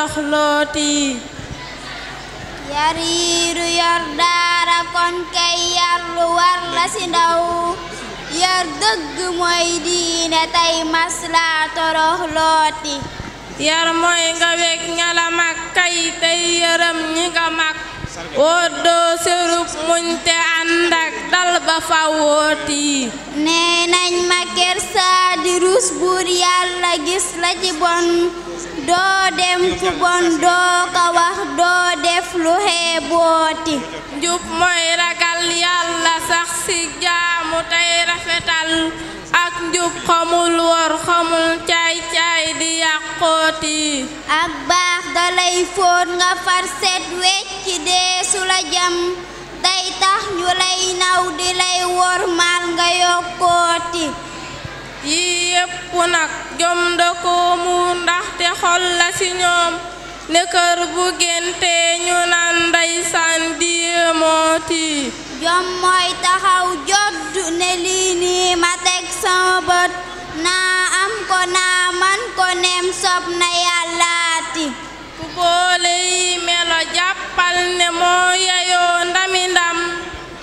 saxlooti yariiru yor daara kon kay yar lu war la si ndaw yar dëgg mooy diine tey masla toroxlooti yar mooy nga weg ña la mag tey yërëm ñi nga mag woddoo sërub muñ te ànd ak dal ba fa wooti nee nañ ma kersa di rus buur yàlla gis la ci bon doo dem fu bon doo ko wax doo def lu xeebooti njub mooy ragal yàlla sax ci jaamu tey rafetal ak njub xamul wor xamul caay-caay di yàqooti ak baax dalay fóot nga far set wecc dee la jam day tax ñu lay naw di lay wor maal nga yokkooti yii yépp nag jom dakoomu ndaxte xol la ci ñoom ne kër bu gente ñu naan ndeysaan jom mooy taxaw jodd ne lii nii ma teg sama bët naa am ko naa man ko nem sob na yàllaati ku boole yi melo jàppal ne moo yeyoo ndami ndam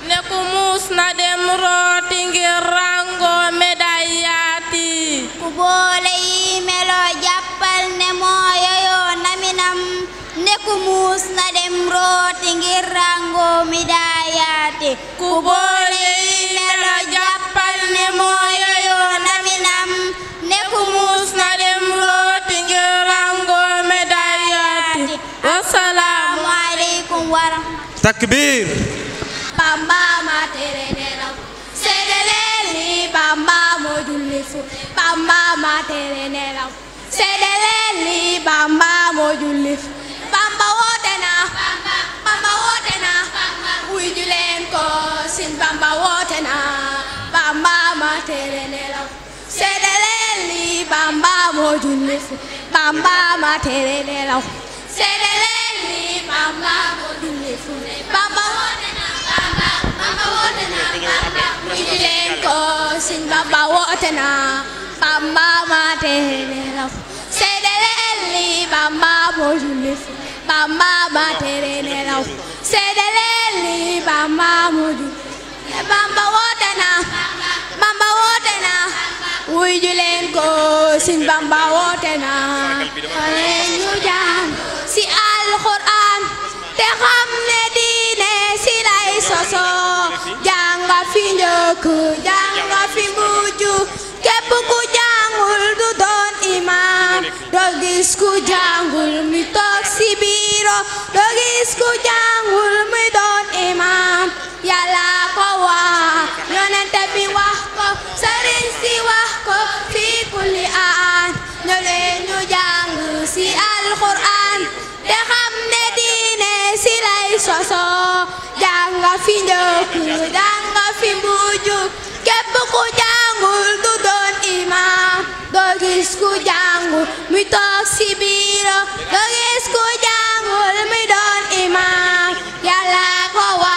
ne ku muus na dem rooti ngir ràngoo médaille rooti ngir rango mi ku boole yi melo ne moo yoyoo naminam ne ku muus dem rooti ngir rango mi daayaati assalaamu waram takbir Bamba ma tere nelaw seedeleen ni Bamba moo julli fu wuy ju leen ko sin bamba woote na bamba ma tere nelaw seede leen li bamba moo julli fi bamba ma tere nelaw seede leen li bamba moo julli fi bamba woote na bamba bamba woote na bamba wuy ju leen ko sin bamba woote na bamba ma tere nelaw seede leen li bamba moo julli fi Bamba ba tere nelaw seede leen li Bamba mujj Bamba woote na Bamba woote na wuy ji leen ko sin Bamba woote na ñu jàng si alxuraan te xam ne diine si lay soso jànga fi njëkk jànga fi mujj képp ku jàngul du doon imaam doo gis ku jàngul mi toog si biiro do gis ku jàngul muy doon imaam yàlla ko wax yonente bi wax ko sëriñ si wax ko fi kulli aan ñu leen ñu jàng si alquran te xam ne diine si lay soso jàng fi njëkk jàng fi mujj képp ku jàngul du doon imaam doo gis ku jàngul muy toog si biiro ku jàngul muy doon imaam yàlla ko wax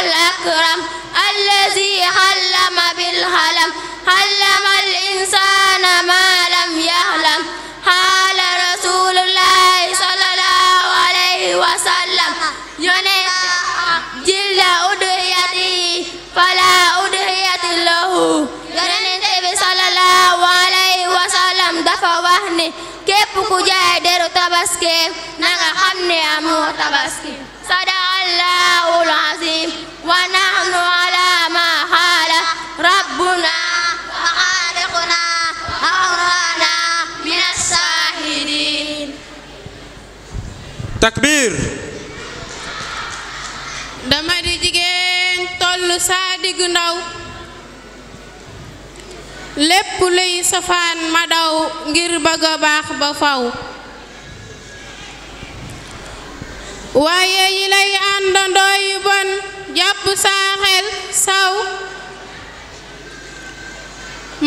الأكرم الذي علم بالقلم علم الإنسان ما لم يعلم قال رسول الله صلى الله عليه وسلم يونس جل أدعيتي فلا أدعيتي له Yonent bi sallallahu alayhi wa sallam dafa wax ni képp ku jaay deru tabaski na nga xam ne amoo tabaski sadaqallaahul aziim wa nahnu ala ma xaala rabbuna wa xaaliquna wa awraana min asaahidiin takbir dama di jigéen tollu saa diggu ndaw lépp luy safaan ma daw ngir bëgg a baax ba faw waaye yi lay àndandoo bon jàpp saa saw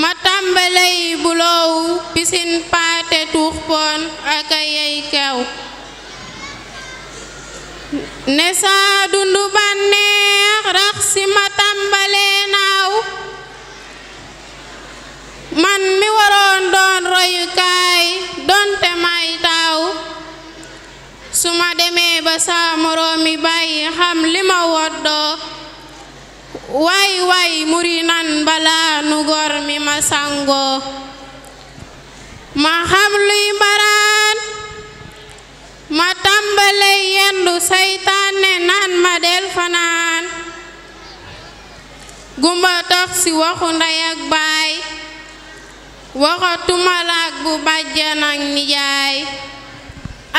ma tàmbaley buloowu pisin paate tuux poon ak a yey kew ne saa dundu bànne royukaay donte may taaw su ma demee ba saa moroomi bàyyi xam li ma woddoo waay waay muri balaa nu gor mi ma sangoo ma xam luy mbaraan ma tàmbale yendu saytaane naan ma del fanaan gumba tox si waxu ndey ak baay waxatuma laag bu bàjjan ak nijaay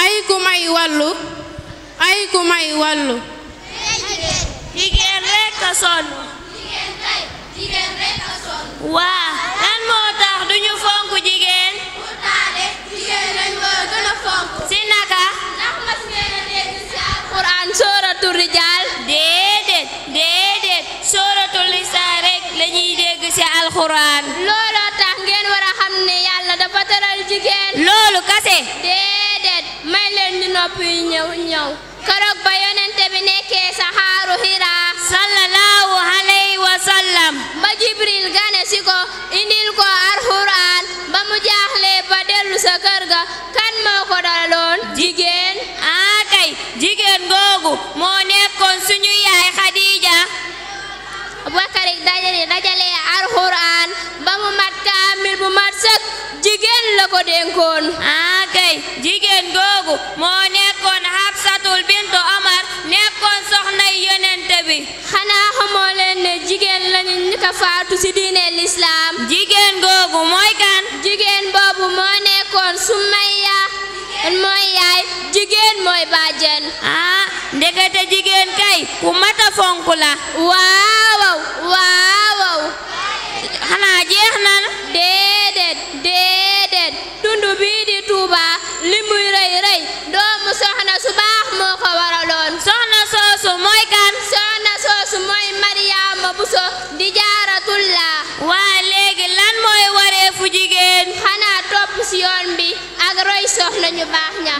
ay ku may wàllu ay ku may wàllu jigéen rekk a sonn waa lan moo tax duñu fonk jigéen si naka quraan sóoratu rijaal déedéet déedéet sóoratu lisaa rekk lañuy yegg ci tax ngeen war ne yàlla dafa tëral jigéen. loolu kase. déedéet may leen ñu noppi ñëw ñëw. keroog ba yonente bi nekkee saxaaru Hira. sallallahu alayhi wa ba Jibril gane si ko indil ko alxuraan ba mu jaaxlee ba dellu sa kër ga kan moo ko daloon. jigéen. ah kay jigéen googu moo nekkoon suñu yaay Khadija. bakari dajale dajale alxuraan ba mu mat kaamil bu mat sëkk jigéen la ko aa ah, kay jigéen googu moo nekkoon Hafsatul bintu Omar nekkoon soxnay yonente bi xanaa xamoo ne jigéen lañu njëkk a faatu ci lislaam jigéen googu mooy kan jigéen boobu moo nekkoon Sumayya mooy yaay jigéen mooy bàjjen aa ah, ndekete jigéen kay ku mata fonk waa Buso di jaaratullah waa léegi lan mooy wareefu jigéen xanaa topp ci bi ak roy soxna ñu baax ña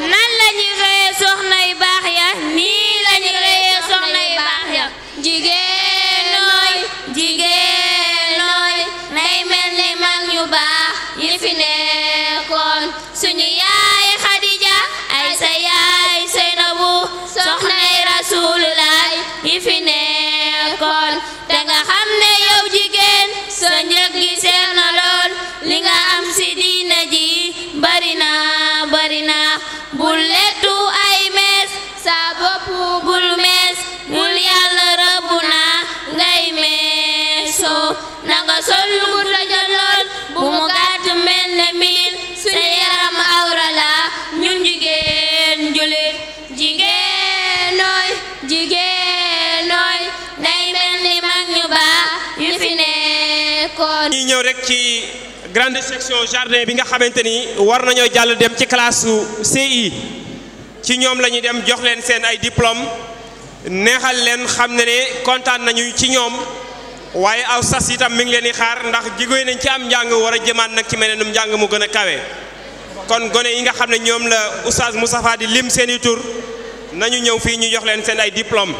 section jardin bi nga xamante ni war nañoo jàll dem ci classe su CI ci ñoom la ñuy dem jox leen seen ay diplôme neexal leen xam ne ne kontaan nañu ci ñoom waaye aw sas itam mi ngi leen di xaar ndax jigéen nañ ci am njàng war a jëmaat nag ci meneenum njàng mu gën a kawe kon gone yi nga xam ne ñoom la oustaz Moustapha di lim seen i tur nañu ñëw fii ñu jox leen seen ay diplôme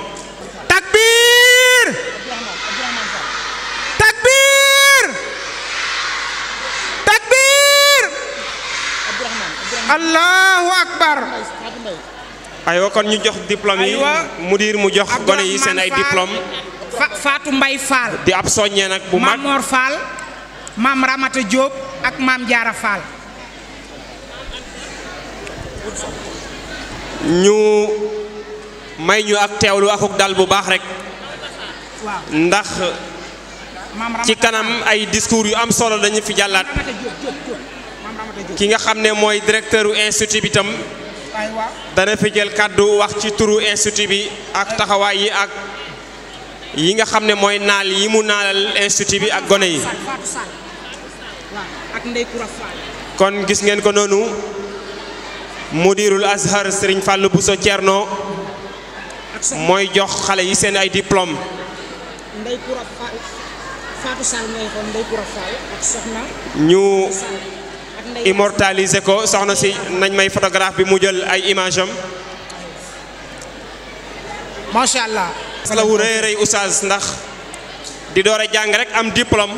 allahu akbar aywa kon ñu jox diplôme yi mudir mu jox gone yi seen ay diplôme faatu mbay Fall di ab soññee nag bu mag Mamor Fall maam Ramata Diop ak maam Jaara Fall ñu may ñu ak teewlu akuk dal bu baax rek ndax ci kanam ay discours yu am solo dañu fi jàllaat ki nga xam ne mooy directeur u institut bi tam dana fi jël kàddu wax ci turu institut bi ak taxawaay yi ak yi nga xam ne mooy naal yi mu naalal institut bi ak gone yi kon gis ngeen ko noonu mudirul azhar sëriñ Fallou Bousso Thierno mooy jox xale yi seen ay diplôme ñu immortaliser ko soxna si nañ may photographe bi mu jël ay image am macha allah. la ndax di door a jàng rek am diplôme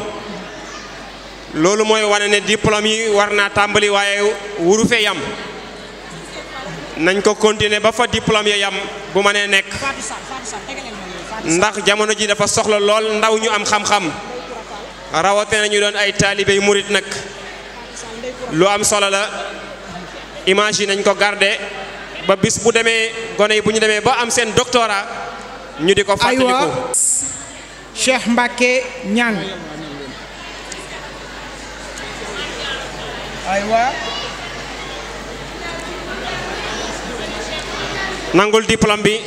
loolu mooy wane ne diplôme yi war naa tàmbali waaye wuru fee yam nañ ko continuer ba fa diplôme ya yam bu ma nee nekk ndax jamono ji dafa soxla lool ndaw ñu am xam-xam rawate nañu doon ay taalibe murit nag lu am solo la image yi nañ ko garde ba bis bu demee gone yi bu ñu demee ba am seen doctorat ñu di ko fàttaliku Cheikh Mbacké Niang aywa nangul diplôme bi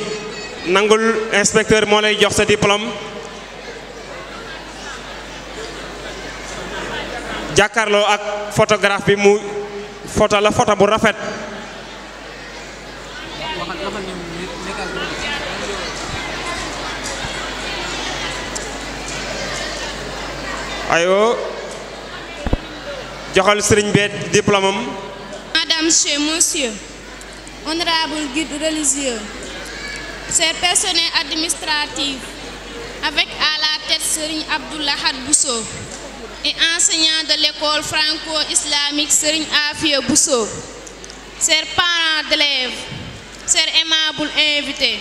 nangul inspecteur moo lay jox sa diplôme jàkkaarloo ak photographe bi mu photo la photo bu rafet ayo joxal sëriñ bi diplôme honorable guide religieux, chers personnels administratifs, avec à la tête Serigne Abdoul Ahad Bousso et enseignant de l'école franco-islamique Serigne Afia Bousso. Chers parents d'élèves, chers aimables invités,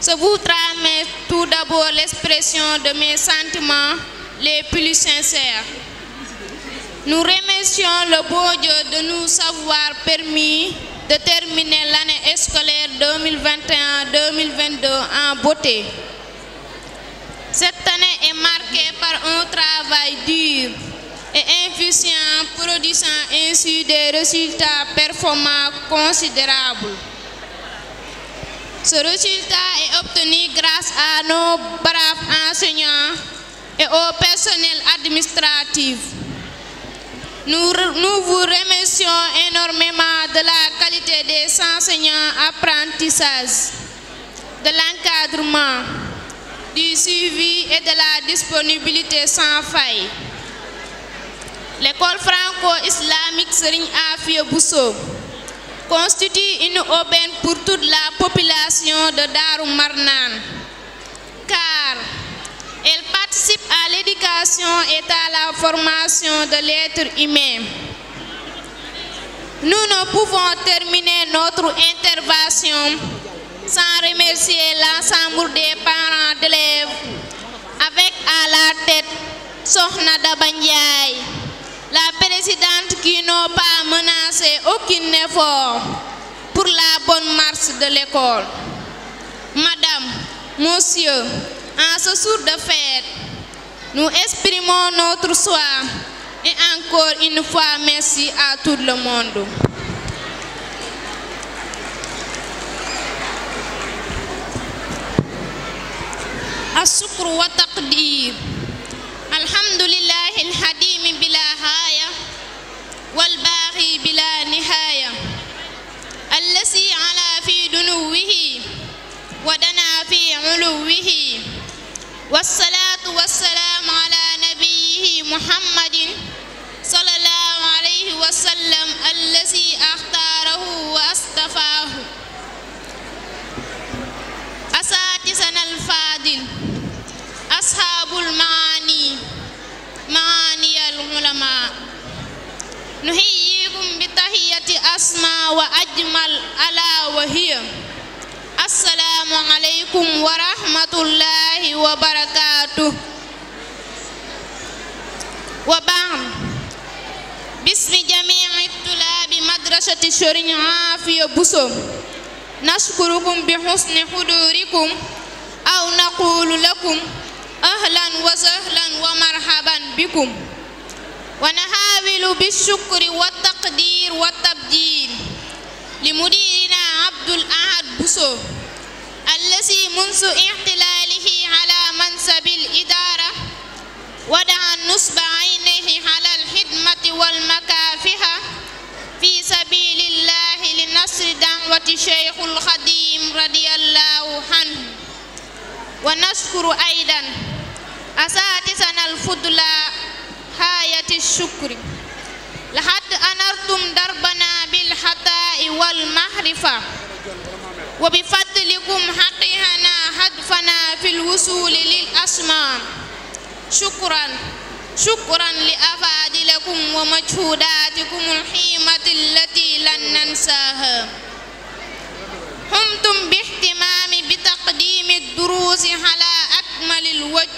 je vous transmets tout d'abord l'expression de mes sentiments les plus sincères. Nous remercions le bon Dieu de nous avoir permis de terminer l'année scolaire 2021-2022 en beauté. Cette année est marquée par un travail dur et efficient produisant ainsi des résultats performants considérables. Ce résultat est obtenu grâce à nos braves enseignants et au personnel administratif. Nous, vous remercions énormément de la qualité des enseignants apprentissages, de l'encadrement du suivi et de la disponibilité sans L'école franco-islamique Serigne Afia Bousso constitue une aubaine pour toute la population de Darou Marnan, car elle participe à l'éducation et à la formation de l'être humain. Nous ne pouvons terminer notre intervention sans remercier l'ensemble des parents d'élèves avec à la tête Sokhna Daba Ndiaye, la présidente qui n'a pas menacé aucun effort pour la bonne marche de l'école. Madame, Monsieur, en ce jour fête, nous exprimons notre soir et encore une fois merci à tout le monde. الشكر والتقدير الحمد لله الحديم بلا هاية والباغي بلا نهاية الذي على في دنوه ودنا في علوه والصلاة والسلام على نبيه محمد صلى الله عليه وسلم الذي اختاره واصطفاه أساتذنا الفاضل أصحاب المعاني معاني العلماء نحييكم بتحية أسماء وأجمل ألا وهي السلام عليكم ورحمة الله وبركاته وبعد باسم جميع الطلاب مدرسة شرين عافية بوسو نشكركم بحسن حضوركم أو نقول لكم أهلا وسهلا ومرحبا بكم ونحاول بالشكر والتقدير والتبجيل لمديرنا عبد الأحد بوسو الذي منذ احتلاله على منصب الإدارة ودعا نصب عينيه على الخدمة والمكافحة في سبيل الله لنصر دعوة الدعوة شيخ الخديم رضي الله عنه ونشكر أيضا أساتذتنا الفضلاء حاية الشكر لقد أنرتم دربنا بالحطاء والمعرفة وبفضلكم حقنا هدفنا في الوصول للأسماء شكرا شكرا لأفادلكم ومجهوداتكم الحيمة التي لن ننساها humtum bi ihtimaami bi taqdiimi duruusi alaa akmalil wajh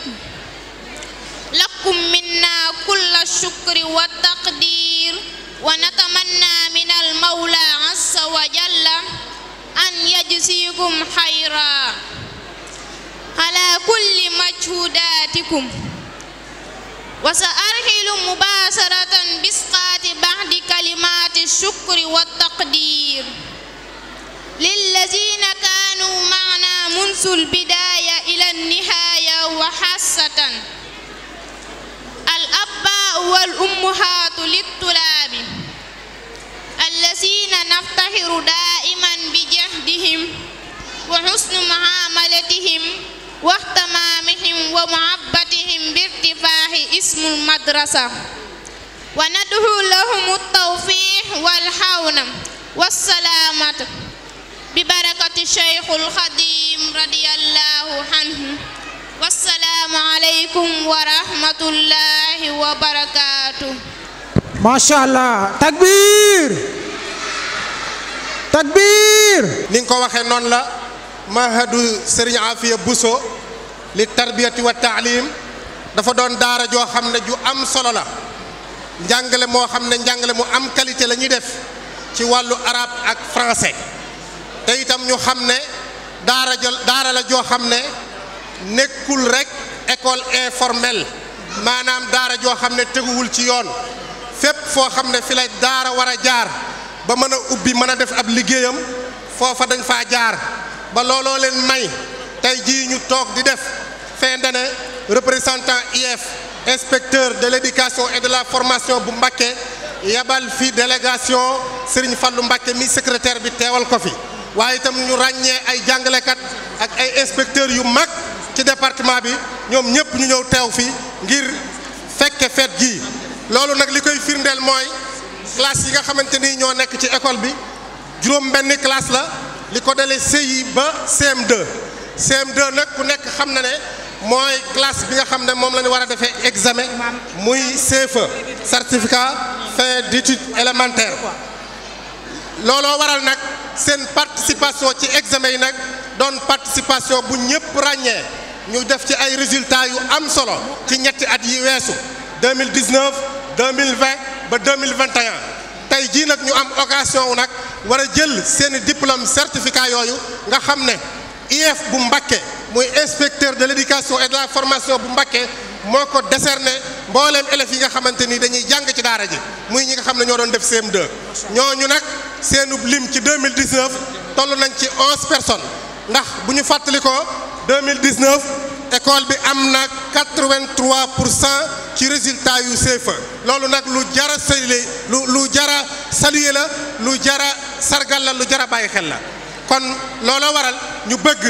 lakum minna kulla shukri wa taqdiir wa natamanna min al mawla azza wa jalla an yajziikum xayra alaa kulli majhudaatikum wa sa arxilu mubaasaratan bisqaati baxdi kalimaati shukri wa taqdiir للذين كانوا معنا منذ البداية إلى النهاية وحاسة الأباء والأمهات للطلاب الذين نفتخر دائما بجهدهم وحسن معاملتهم واهتمامهم ومحبتهم بارتفاع اسم المدرسة وندعو لهم التوفيق والحون والسلامة bi barakati Cheikhul Xadim radiyallahu anhu wassalaamu ko waxee noon la mahadu Serigne Afia Bousso li tarbiyati wa taalim dafa doon daara joo xam ne ju am solo la njàngale moo xam ne njàngale mu am qualité la ñuy def ci wàllu arabe ak français te itam ñu xam ne daara daara la joo xam ne nekkul rek école informelle maanaam daara joo xam ne teguwul ci yoon fépp foo xam ne fi la daara war a jaar ba mën a ubbi mën a def ab liggéeyam foofa dañ fa jaar ba looloo leen may tey jii ñu toog di def fin d'année représentant IEF inspecteur de l'éducation et de la formation bu Mbacké yabal fi délégation Serigne Fallou Mbacké mi secrétaire bi teewal ko fi waaye itam ñu ràññee ay jàngalekat ak ay inspecteurs yu mag ci département bi ñoom ñëpp ñu ñëw teew fii ngir fekke feet gi loolu nag li koy firndeel mooy classe yi nga xamante ni ñoo nekk ci école bi juróom benn classe la li ko dalee CI ba CM2 nag ku nekk xam na ne mooy classe bi nga xam ne moom lañu ñu war a defee examen muy CFEE certificat fin d'études élémentaires looloo waral nag seen participation ci examen yi nag doon participation bu ñëpp ràññee ñu def ci ay résultats yu am solo ci ñetti at yi weesu 2019 2020 ba 2021 tey jii nag ñu am occasion wu nag war a jël seeni diplôme certificat yooyu nga xam ne IEF bu Mbacké muy inspecteur de l'éducation et la formation bu Mbacké moo ko décerné booleem élèves yi nga xamante ni dañuy jàng ci daara ji muy ñi nga xam ne ñoo doon def CM2 ñu nag seenub lim ci 2019 toll nañ ci 11 personnes ndax bu ñu fàttalikoo 2019 école bi am na 83 pour cent ci résultat yu CFEE loolu nag lu jara saluer lu lu jara saluer la lu jara sargal la lu jara bàyyi xel la kon looloo waral ñu bëgg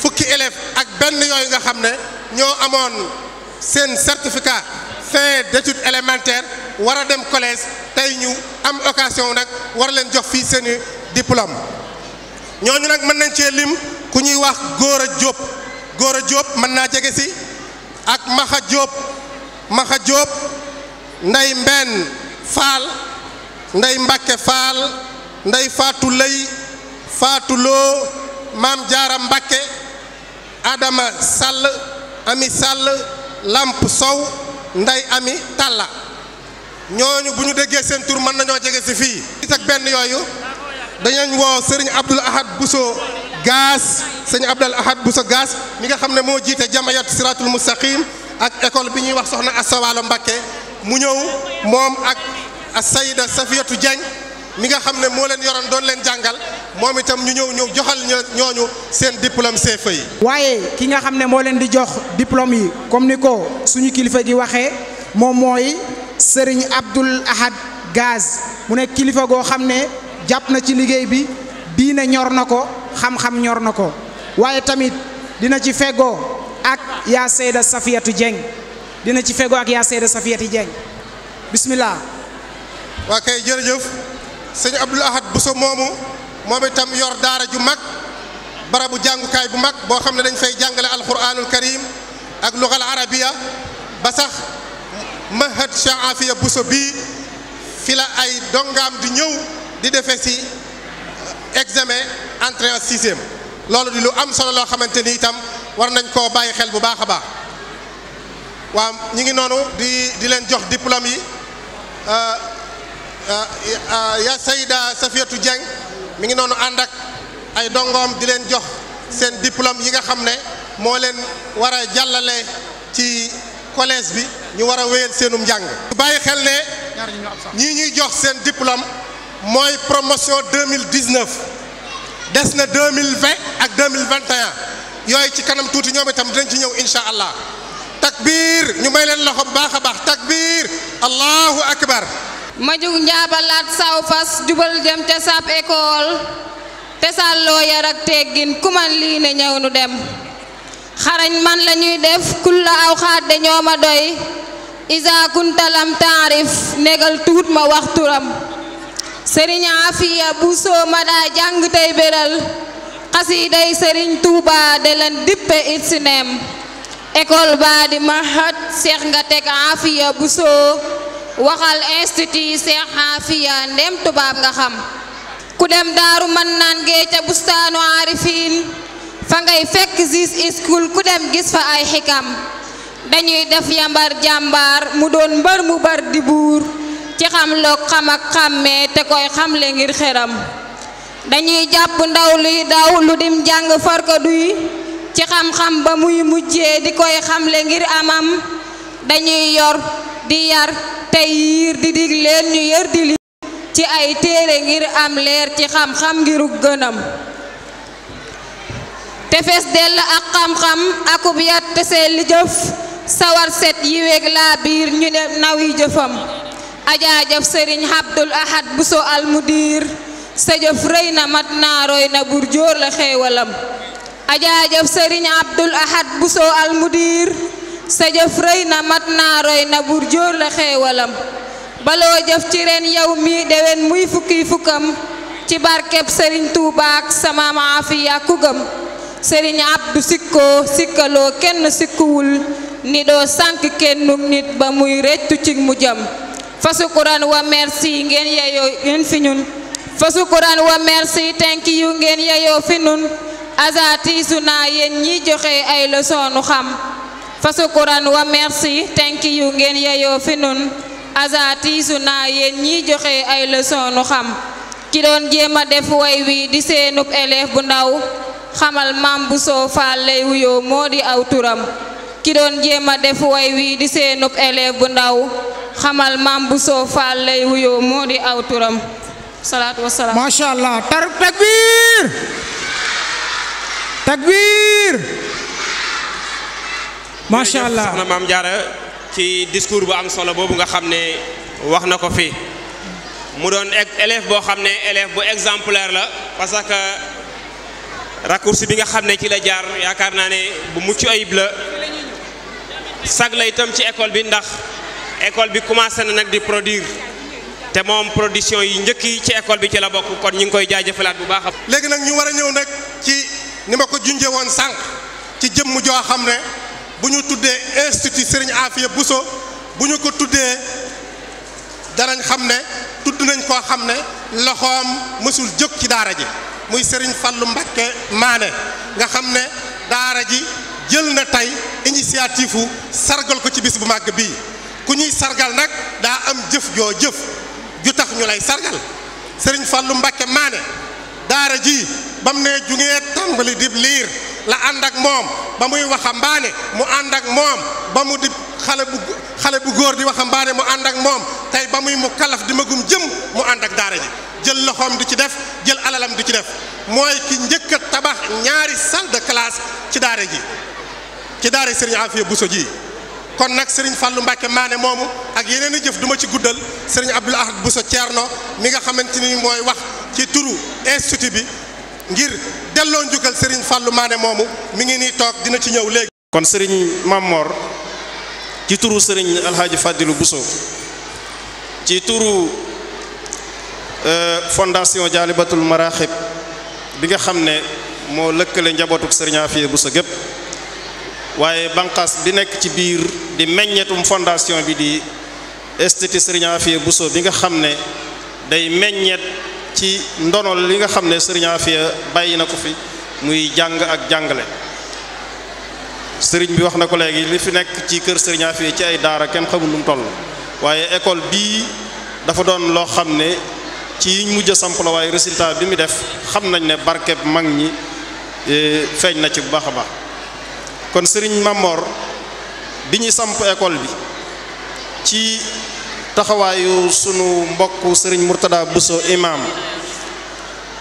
fukki élèves ak benn yooyu nga xam ne ñoo amoon seen certificat fin d'études élémentaires war a dem collège tey ñu am occasion nag war leen jox fii seen i diplôme ñooñu nag mën nañ cee lim ku ñuy wax góor a Gora góor a Diop mën naa jege ci ak Maxa Diop Maxa Diop Ndey Mbenn Faal Ndey mbakke Faal Ndey Faatu Lay Faatu Loo Maam Jaara Mbàkke aadama sàll Ami sàll làmp sow nday ami tàlla ñooñu bu ñu déggee seen tur mën nañoo jege si fii it ak benn yooyu dañañ woo sëriñ Abdul Ahad Bousso gaas sëñ Abdul bu Bousso gaas mi nga xam ne moo jiite jamayat siratul mustaqim ak école bi ñuy wax soxna Assawaalo Mbakke mu ñëw moom ak Sayida Safiyatu Diagne mi nga xam ne moo leen yoroon doon leen jàngal moom itam ñu ñëw ñëw joxal ñooñu seen diplôme CFEE yi. waaye ki nga xam ne moo leen di jox diplom yi comme ni ko suñu kilifa gi waxee moom mooy Serigne Abdoul Ahad Gaz mu nekk kilifa goo xam ne jàpp na ci liggéey bi diine ñor na ko xam-xam ñor na ko waaye tamit dina ci fegoo ak yaa Seyda Safiatou Dieng dina ci fegoo ak yaa Seyda Safiatou Dieng bismillah. waa kay jërëjëf. sëñ Abdoul Ahad Bousso moomu moom itam yor daara ju mag barabu jàngukaay bu mag boo xam ne dañ fay jàngale alquranul karim ak lugal arabiya ba sax mahad shaafiya Bousso bii fi la ay dongaam di ñëw di defe si examen entrée en sixième loolu di lu am solo loo xamante ni itam war nañ koo bàyyi xel bu baax a baax waaw ñi ngi noonu di di leen jox diplôme yi euh, Euh, euh, ya Sayda Safiatou Dieng mu ngi noonu ànd ak ay dongoom di leen jox seen diplôme yi nga xam ne moo leen war a jàllale ci collège bi ñu war a wéyal seenum njàng bàyyi xel ne ñii ñuy jox seen diplôme mooy promotion 2019 des na 2020 ak 2021 yooyu ci kanam tuuti ñoom itam dinañ ci ñëw incha allah takbir ñu may leen loxo bu baax a baax takbir allahu akbar ma jug njaabalaat saw fas jubal dem ca sab école te sàlloo yar ak teggin ku man lii ne ñëw dem xarañ man lañuy def kulla aw xaadde ñoo ma doy isa kuntalam taarif negal tuut ma wax sëriñ afiya bu soo ma daa jàng tey béral xasiiday sëriñ tuuba de leen dippe it si neem baa di mahat seex nga teg afiya bu soo waxal institut Cheikh Afia ndem tubaab nga xam ku dem daaru mën naan gee ca bustaanu aarifiin fa ngay fekk gis school ku dem gis fa ay xikam dañuy def yambar jàmbaar mu doon mbër mu bar di buur ci xam loog xam ak xàmmee te koy xamle ngir xeram dañuy jàpp ndaw luy daw lu dim jàng farkaduy ci xam-xam ba muy mujjee di koy xamle ngir amam dañuy yor di yar tey yiir di dig leen ñu yër di li ci ay téere ngir am leer ci xam-xam ngiruk gënam tefes fees dell ak xam-xam akub yar te seel jëf sawar set yiweeg laa biir ñu ne nawi jëfam ajaajëf sëriñ Abdul Ahad Buso almudiir sa jëf rëy na mat naa roy na bur jóor la xéewalam ajaajëf sëriñ Abdul Ahad Buso almudiir sa jëf rëy na mat naa roy na bur jóor la xewalam baloo jëf ci ren yow mi dewen muy fukki fukkam ci barkeb sëriñ Tuuba ak sama maafiya ku gëm sëriñ Abdu sikkoo sikkaloo kenn sikkuwul ni doo sànk kennum nit ba muy reccu ci mu jëm fasukuran wa merci ngeen yeyoo ngeen fi ñun fasukuran wa merci thank you ngeen yeyoo fi ñun azatiisu naa yéen ñi joxe ay leçon xam fasukuran wa merci thank you ngeen yeyoo fi nun asatiisu naa yéen ñiy joxe ay leçon xam ki doon jéem def way wi di seenub élève bu ndaw xamal maam bu soo faal wuyoo moo di aw turam ki doon jéem a def way wi di seenub élève bu ndaw xamal maam bu soo faal wuyoo moo di aw turam salaatu wasalaam macha allah soxna maam jaara ci discours bu am solo boobu nga xam ne wax na ko fii mu doon e-, élève boo xam ne élève bu exemplaire la parce que raccourci bi nga xam ne ci la jaar yaakaar naa ne bu mucc ayib la sag la itam ci école bi ndax école bi commencé na nag di produire te moom production yi njëkk yi ci école bi ci la bokk kon ñu ngi koy jaajëfalaat bu baax a. léegi nag ñu war a ñëw nag ci ni ma ko junjee woon sànq ci jëmm joo xam ne. bu ñu tuddee institut Serigne Afia Bousso bu ñu ko tuddee danañ xam ne tudd nañ koo xam ne loxoom mësul jóg ci daara ji muy Serigne Fallou Mbacké Mané nga xam ne daara ji jël na tey initiative wu sargal ko ci bis bu màgg bii ku ñuy sargal nag daa am jëf joo jëf ju tax ñu lay sargal sëriñ Fallou Mbacké maane daara ji bam ne ju tàmbali di liir la ànd ak moom ba muy waxambaane mu ànd ak moom ba mu di xale bu góor di waxambaane mu ànd ak moom tey ba muy mu kalaf di magum jëm mu ànd ak daare ji jël loxoom di ci def jël alalam di ci def mooy ki njëkk tabax ñaari salle de ci daare ji ci daara sëriñ Afia Bousso ji kon nag sëriñ Fallou Mbacke maane moomu ak yeneen i jëf du ma ci guddal sëriñ Abdoul Ahad Bousso Thierno mi nga xamante ni mooy wax ci turu institut bi. ngir delloo njukkal Serigne Fallou moomu mi ngi nii toog dina ci ñëw léegi. kon Serigne Mamor ci turu Serigne Alhaji Fadilou Bousso ci turu euh, fondation Jaalibatul Maraaxib bi nga xam ne moo lëkkale njabootuk Serigne Afia Bousso gépp waaye banqaas bi nekk ci biir di meññetum fondation bi di institut Serigne Afia Bousso bi nga xam ne day meññet. ci ndonol li nga xam ne sëriñ Afia bàyyi na ko fi muy jàng ak jàngale sëriñ bi wax na ko léegi li fi nekk ci kër sëriñ ci ay daara kenn xamul lu mu toll waaye école bii dafa doon loo xam ne ci yiñ mujj a samp la waaye résultat bi mu def xam nañ ne barkeb mag ñi e, feeñ na ci bu baax a baax kon sëriñ Mamor bi ñuy samp école bi ci taxawaayu sunu mbokk sëriñ Mourtada Bousso imam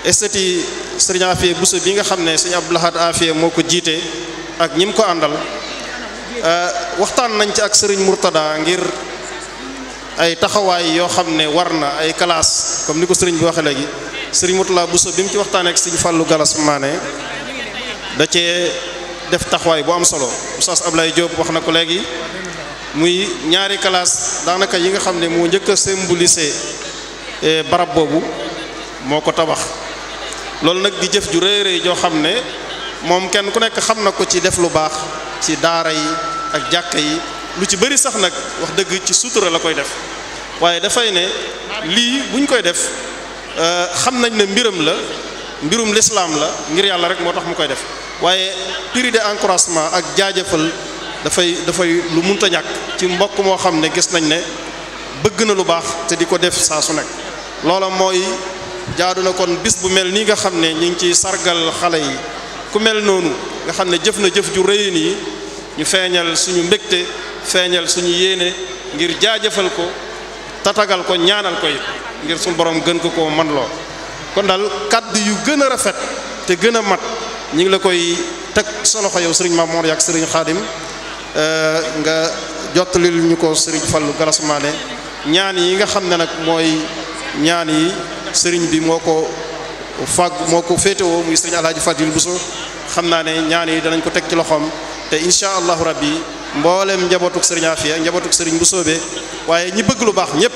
estati sëriñ Afia Bousso bi nga xam ne sëriñ Abdou Lahad Afia moo ko jiite ak ñi mu ko àndal euh, waxtaan nañ ci ak sëriñ Mourtada ngir ay taxawaay yoo xam ne war na ay classe comme ni ko sëriñ bi waxee léegi sëriñ Mourtada Bousso bi mu ci waxtaanee ak sëriñ Fallou Galas Mané da cee def taxawaay bu am solo Oustaz Ablaye Diop wax na ko léegi. muy ñaari classe daanaka yi nga xam ne moo njëkk a symboliser eh, barab boobu moo ko tabax loolu nag di jëf ju rëy rëy joo xam ne moom kenn ku nekk xam na ko ci def lu baax ci daara yi ak jàkka yi lu ci bëri sax nag wax dëgg ci sutura la koy def waaye dafay ne lii buñ koy def eh, xam nañ ne mbiram la mbirum lislaam la ngir yàlla rek moo tax mu koy def waaye prix de encouragement ak jaajëfal dafay dafay lu munta ñàkk ci mbokk moo xam ne gis nañ ne bëgg na lu baax te di ko def saa su nekk loola mooy jaadu na kon bis bu mel nii nga xam ne ñu ngi ciy sargal xale yi ku mel noonu nga xam ne jëf na jëf ju rëy nii ñu feeñal suñu mbégte feeñal suñu yéene ngir jaajëfal ko tatagal ko ñaanal ko it ngir suñu borom gën ko koo man loo kon dal kàddu yu gën a rafet te gën a mat ñu ngi la koy teg sa loxo yow sëriñ Mamour ak sëriñ Xaadim Euh, nga jottalil ñu ko sëriñ Fallou Gallas Mané ñaan yi nga xam ne nag mooy ñaan yi sëriñ bi moo ko fag moo ko féetewoo muy sëriñ Alaaji Fadil Bousso xam naa ne ñaan yi danañ ko teg ci loxoom te incha allah rabbi mbooleem njabootuk sëriñ Afia njabootuk sëriñ bu soobee waaye ñi bëgg lu baax ñëpp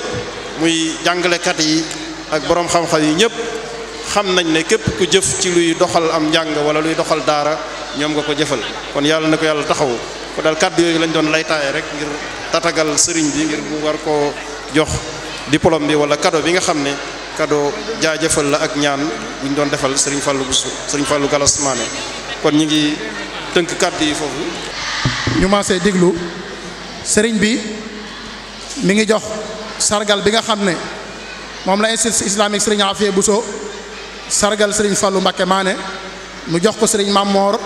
muy jàngalekat yi ak boroom xam-xam yi ñëpp xam nañ ne képp ku jëf ci luy doxal am njàng wala luy doxal daara ñoom nga ko jëfal kon yàlla na ko yàlla taxawu ko daal kàddu yooyu lañ doon lay taaye rek ngir tatagal sëriñ bi ngir bu war ko jox diplôme bi wala cadeau bi nga xam ne cadeau jaajëfal la ak ñaan bu ñu doon defal sëriñ Fallou Bousso sëriñ Fallou Gallas Mané kon ñu ngi tënk kàddu yi foofu. ñu déglu sëriñ bi mi ngi jox sargal bi nga xam ne moom la institut islamique sëriñ Afia Bousso sargal sëriñ Fallou Mbacké Mané mu jox ko sëriñ Mamor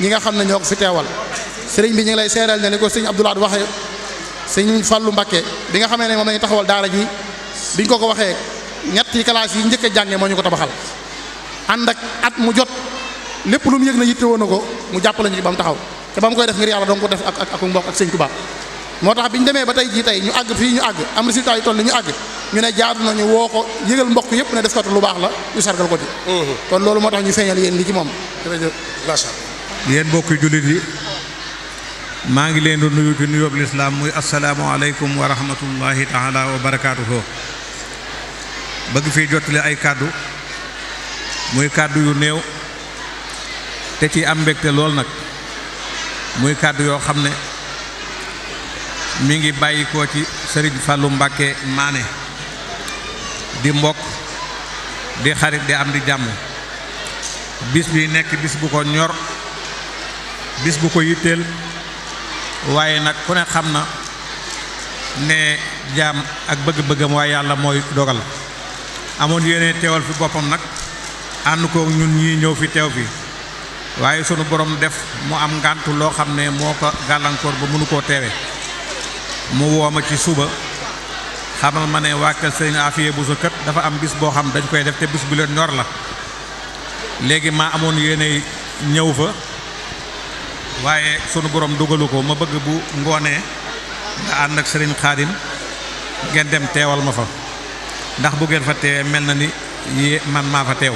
ñi nga xam ne ñoo ko fi teewal. sëriñ bi ñu ngi lay seeral ne ni ko sëñ Abdoulaye waxee sëñ Fallou Mbakke bi nga xamee ne moom lañu taxawal daara ji biñ ko ko waxee ñetti classes yi njëkk a moo ñu ko tabaxal ànd ak at mu jot lépp lu mu yëg na yitte woon na ko mu jàppale ñu ci ba taxaw te ba koy def ngir yàlla ko def ak ak ak mbokk ak moo tax bi ñu demee ba tey jii tey ñu àgg fii ñu àgg am résultat yu toll ni ñu àgg ñu ne jaadu nañu woo ko yëgal mbokk yëpp ne def ko lu baax la ñu sargal ko ci kon loolu moo tax ñu feeñal yéen li ci moom jërëjëf yéen mbokk jullit yi maa ngi leen di nuyu ci nuyoob lislaam muy asalaamualeykum wa rahmatullahi taala wa barakaatuhu bëgg fi jottali ay kàddu muy kàddu yu néew te ci am mbégte lool nag muy kàddu yoo xam ne mi ngi bàyyikoo ci sëriñ Fàllu Mbàkke Maane di mbokk di xarit di am di jàmm bis bi nekk bis bu ko ñor bis bu ko yitteel waaye nag ku ne xam na ne jaam ak bëgg-bëggam waaye yàlla mooy dogal amoon yéene teewal fi boppam nag ànd kook ñun ñii ñëw fi teew bi waaye sunu borom def mu am ngànt loo xam ne moo ko gàllankoor ba mënu koo teewe mu wooma ci suba xamal ma ne waa kër sëriñ Afiye bu sa kët dafa am bis boo xam dañ koy def te bis bu leen ñor la léegi maa amoon yéene ñëw fa waaye sunu borom dugalu ko ma bëgg bu ngoonee nga ànd ak sëriñ xaadim ngeen dem teewal ma fa ndax bu fa teewee mel na ni yi man maa fa teew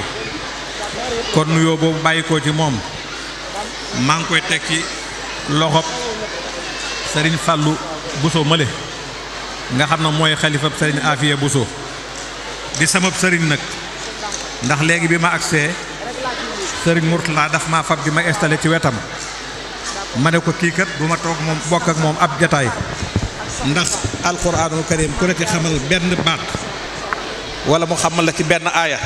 kon nuyoo boobu bàyyi ko ci moom maa ngi koy teg ci loxob sëriñ fàllu Bousso Mële nga xam na mooy xalifab sëriñ Afia Bousso di sama sëriñ nag ndax léegi bi ma agsee sëriñ Mourtala dafa maa fab di ma installé ci wetam ma ne ko kii kat du ma toog moom bokk ak moom ab jataay ndax alxuraanul karim ku la ci xamal benn baat wala mu xamal la ci benn aaya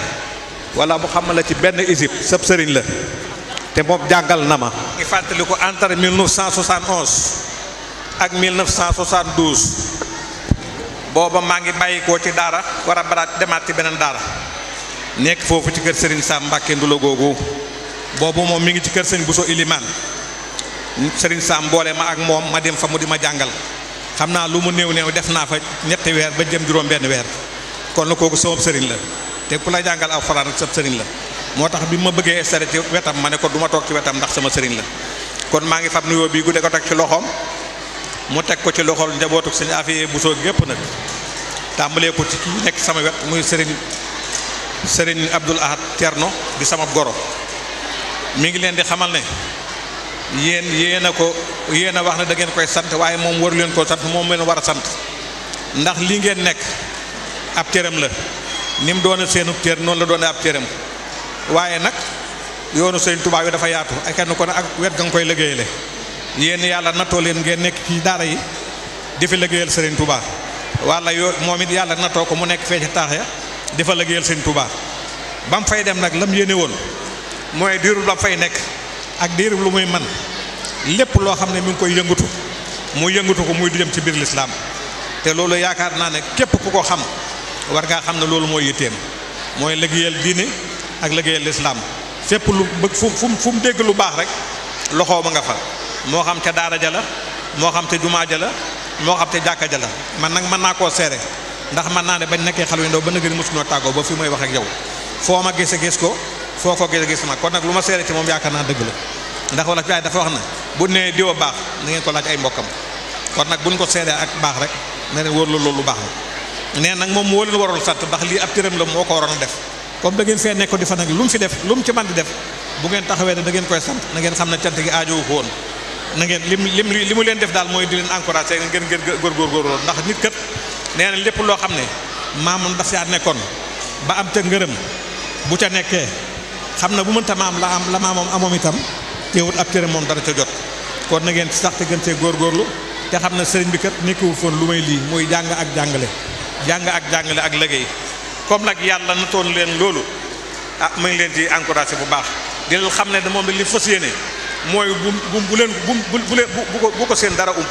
wala mu xamal la ci benn Égypte sëb sëriñ la te moom jàngal na ma ngi fàttali ko entre 1971 ak 1972 booba maa ngi bàyyikoo ci daara war a baraat demaat ci beneen daara nekk foofu ci kër sëriñ Sam Mbàkke Ndulo googu boobu moom mi ngi ci kër sëriñ Bousso Ilimane Serigne Sam boole ma ak moom ma dem fa mu di ma jàngal xam naa lu mu néew néew def naa fa ñetti weer ba jëm juróom benn weer kon la kooku sama sëriñ la te ku la jàngal alxuraan ak sa sëriñ la moo tax bi ma bëggee sare wetam ma ne ko du ma toog ci wetam ndax sama sëriñ la kon maa ngi fab nuyoo bii gudde ko teg ci loxoom mu teg ko ci loxool njabootu njabootuk sëñ bu Buso gépp nag tàmbalee ko ci kii nekk sama wet muy sëriñ sëriñ Abdul Ahad Cerno di sama goro mu ngi leen di xamal ne yéen yéen a ko yéen a wax na da ngeen koy sant waaye moom waru leen koo sant moom na war a sant ndax li ngeen nekk ab cëram la ni mu doone seenub cër noonu la doone ab cëram waaye nag yoonu sëñ Tuubaa yi dafa yaatu ak kenn ko ne ak wet ga nga koy liggéeyale yéen yàlla nattoo leen ngeen nekk ci daara yi di fi liggéeyal sëriñ Tuubaa wala yoo moom it yàlla nattoo ko mu nekk fee ci taax ya di fa liggéeyal sëriñ Tuubaa ba mu fay dem nag lam yéene woon mooy diirul ba fay nekk ak diir lu muy man lépp loo xam ne mu ngi koy yëngatu mu yëngatu ko muy du jëm ci biir lislaam te loolu yaakaar naa ne képp ku ko xam war ngaa xam ne loolu mooy yitteem mooy liggéeyal diine ak liggéeyal lislaam fépp lu bëgg fu fu fu mu dégg lu baax rek loxoo ma nga fa moo xam ca daara ja la moo xam te jumaa ja la moo xam te jàkka ja la man nag mën naa koo seere ndax mën naa ne bañ nekkee xale yu ndaw ba na gën mosunoo tàggoo ba fi may wax ak yow foo ma gise gis ko foo ko gis ma nag lu ma seere ci yaakaar naa dëgg la ndax wala fi dafa wax na bu nee diw a baax na ngeen ko laaj ay mbokkam kon nag buñ ko seedee ak baax rek nee na wóor la loolu baax la nee nag moom moo leen warul sant ndax lii ab tëram la moo ko waroon a def comme da ngeen fee nekk di fa nag lu mu fi def lu mu ci man di def bu ngeen ne da ngeen koy sant na ngeen xam ne cant gi aajowu ko woon na ngeen li mu leen def daal mooy di leen encouragé ngeen ngeen góorgóorgóorloo ndax nit kat nee na lépp loo xam ne maamam daf yaa nekkoon ba am te ngërëm bu ca nekkee xam na bu mënta maam la am la maamam amoom itam teewut ab cëram moom dara ca jot kon na ngeen sax te gën see góorgóorlu te xam ne sëriñ bi kat nekkiwul foon lu may lii muy jàng ak jàngale jàng ak jàngale ak liggéey comme nag yàlla natoon leen loolu ah ma ngi leen ci encouragé bu baax di leen xam ne da moom li fas yéene mooy bu bu leen bu bu leen bu ko seen dara ump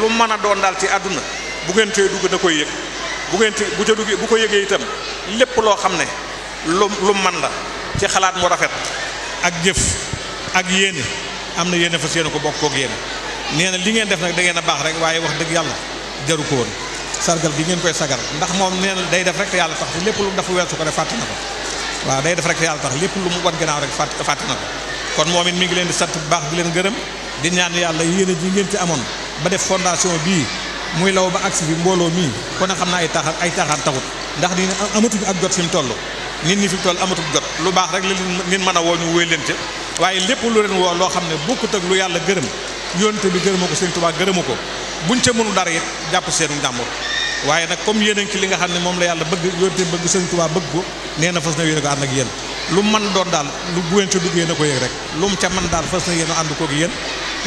lu mën a doon daal ci àdduna bu ngeen dugg da koy yëg bu ngeen bu ca duggee bu ko yëgee itam lépp loo xam ne lu lu man la ci xalaat mu rafet ak jëf ak yéene am na yéene fas yéene ko bokk kook yéene nee li ngeen def nag da ngeen a baax rek waaye wax dëgg yàlla jaru ko woon sargal bi ngeen koy sagar ndax moom nee day def rek te yàlla tax lépp lu mu dafa weesu ko rek fàtte na ko rek te lépp lu mu wan gannaaw rek fàtte na ko kon moom it mi ngi leen di sant bu baax di leen gërëm di ñaan yàlla yéene ji ngeen ci amoon ba def fondation bii muy law ba agsi bi mbooloo mii kon a xam naa ay taxaar ay taxaar taxut ndax di amatuñu ak jot fi mu nit ñi fi mu toll amatul jot lu baax rek li nit mën a woo ñu wéy leen ca waaye lépp lu leen woo loo xam ne bokkut ak lu yàlla gërëm yonte bi gërëma ko Sëriñ Tuubaa gërëma ko buñ ca mënu dara it jàpp seenu njàmbur waaye nag comme yéen a li nga xam ne moom la yàlla bëgg yonte bëgg Sëriñ Tuubaa bëgg ko nee na fas na yéene ko ànd ak yéen lu man doon daal lu bu ngeen ca duggee na ko yëg rek lu mu ca man daal fas na yéen a ànd koog yéen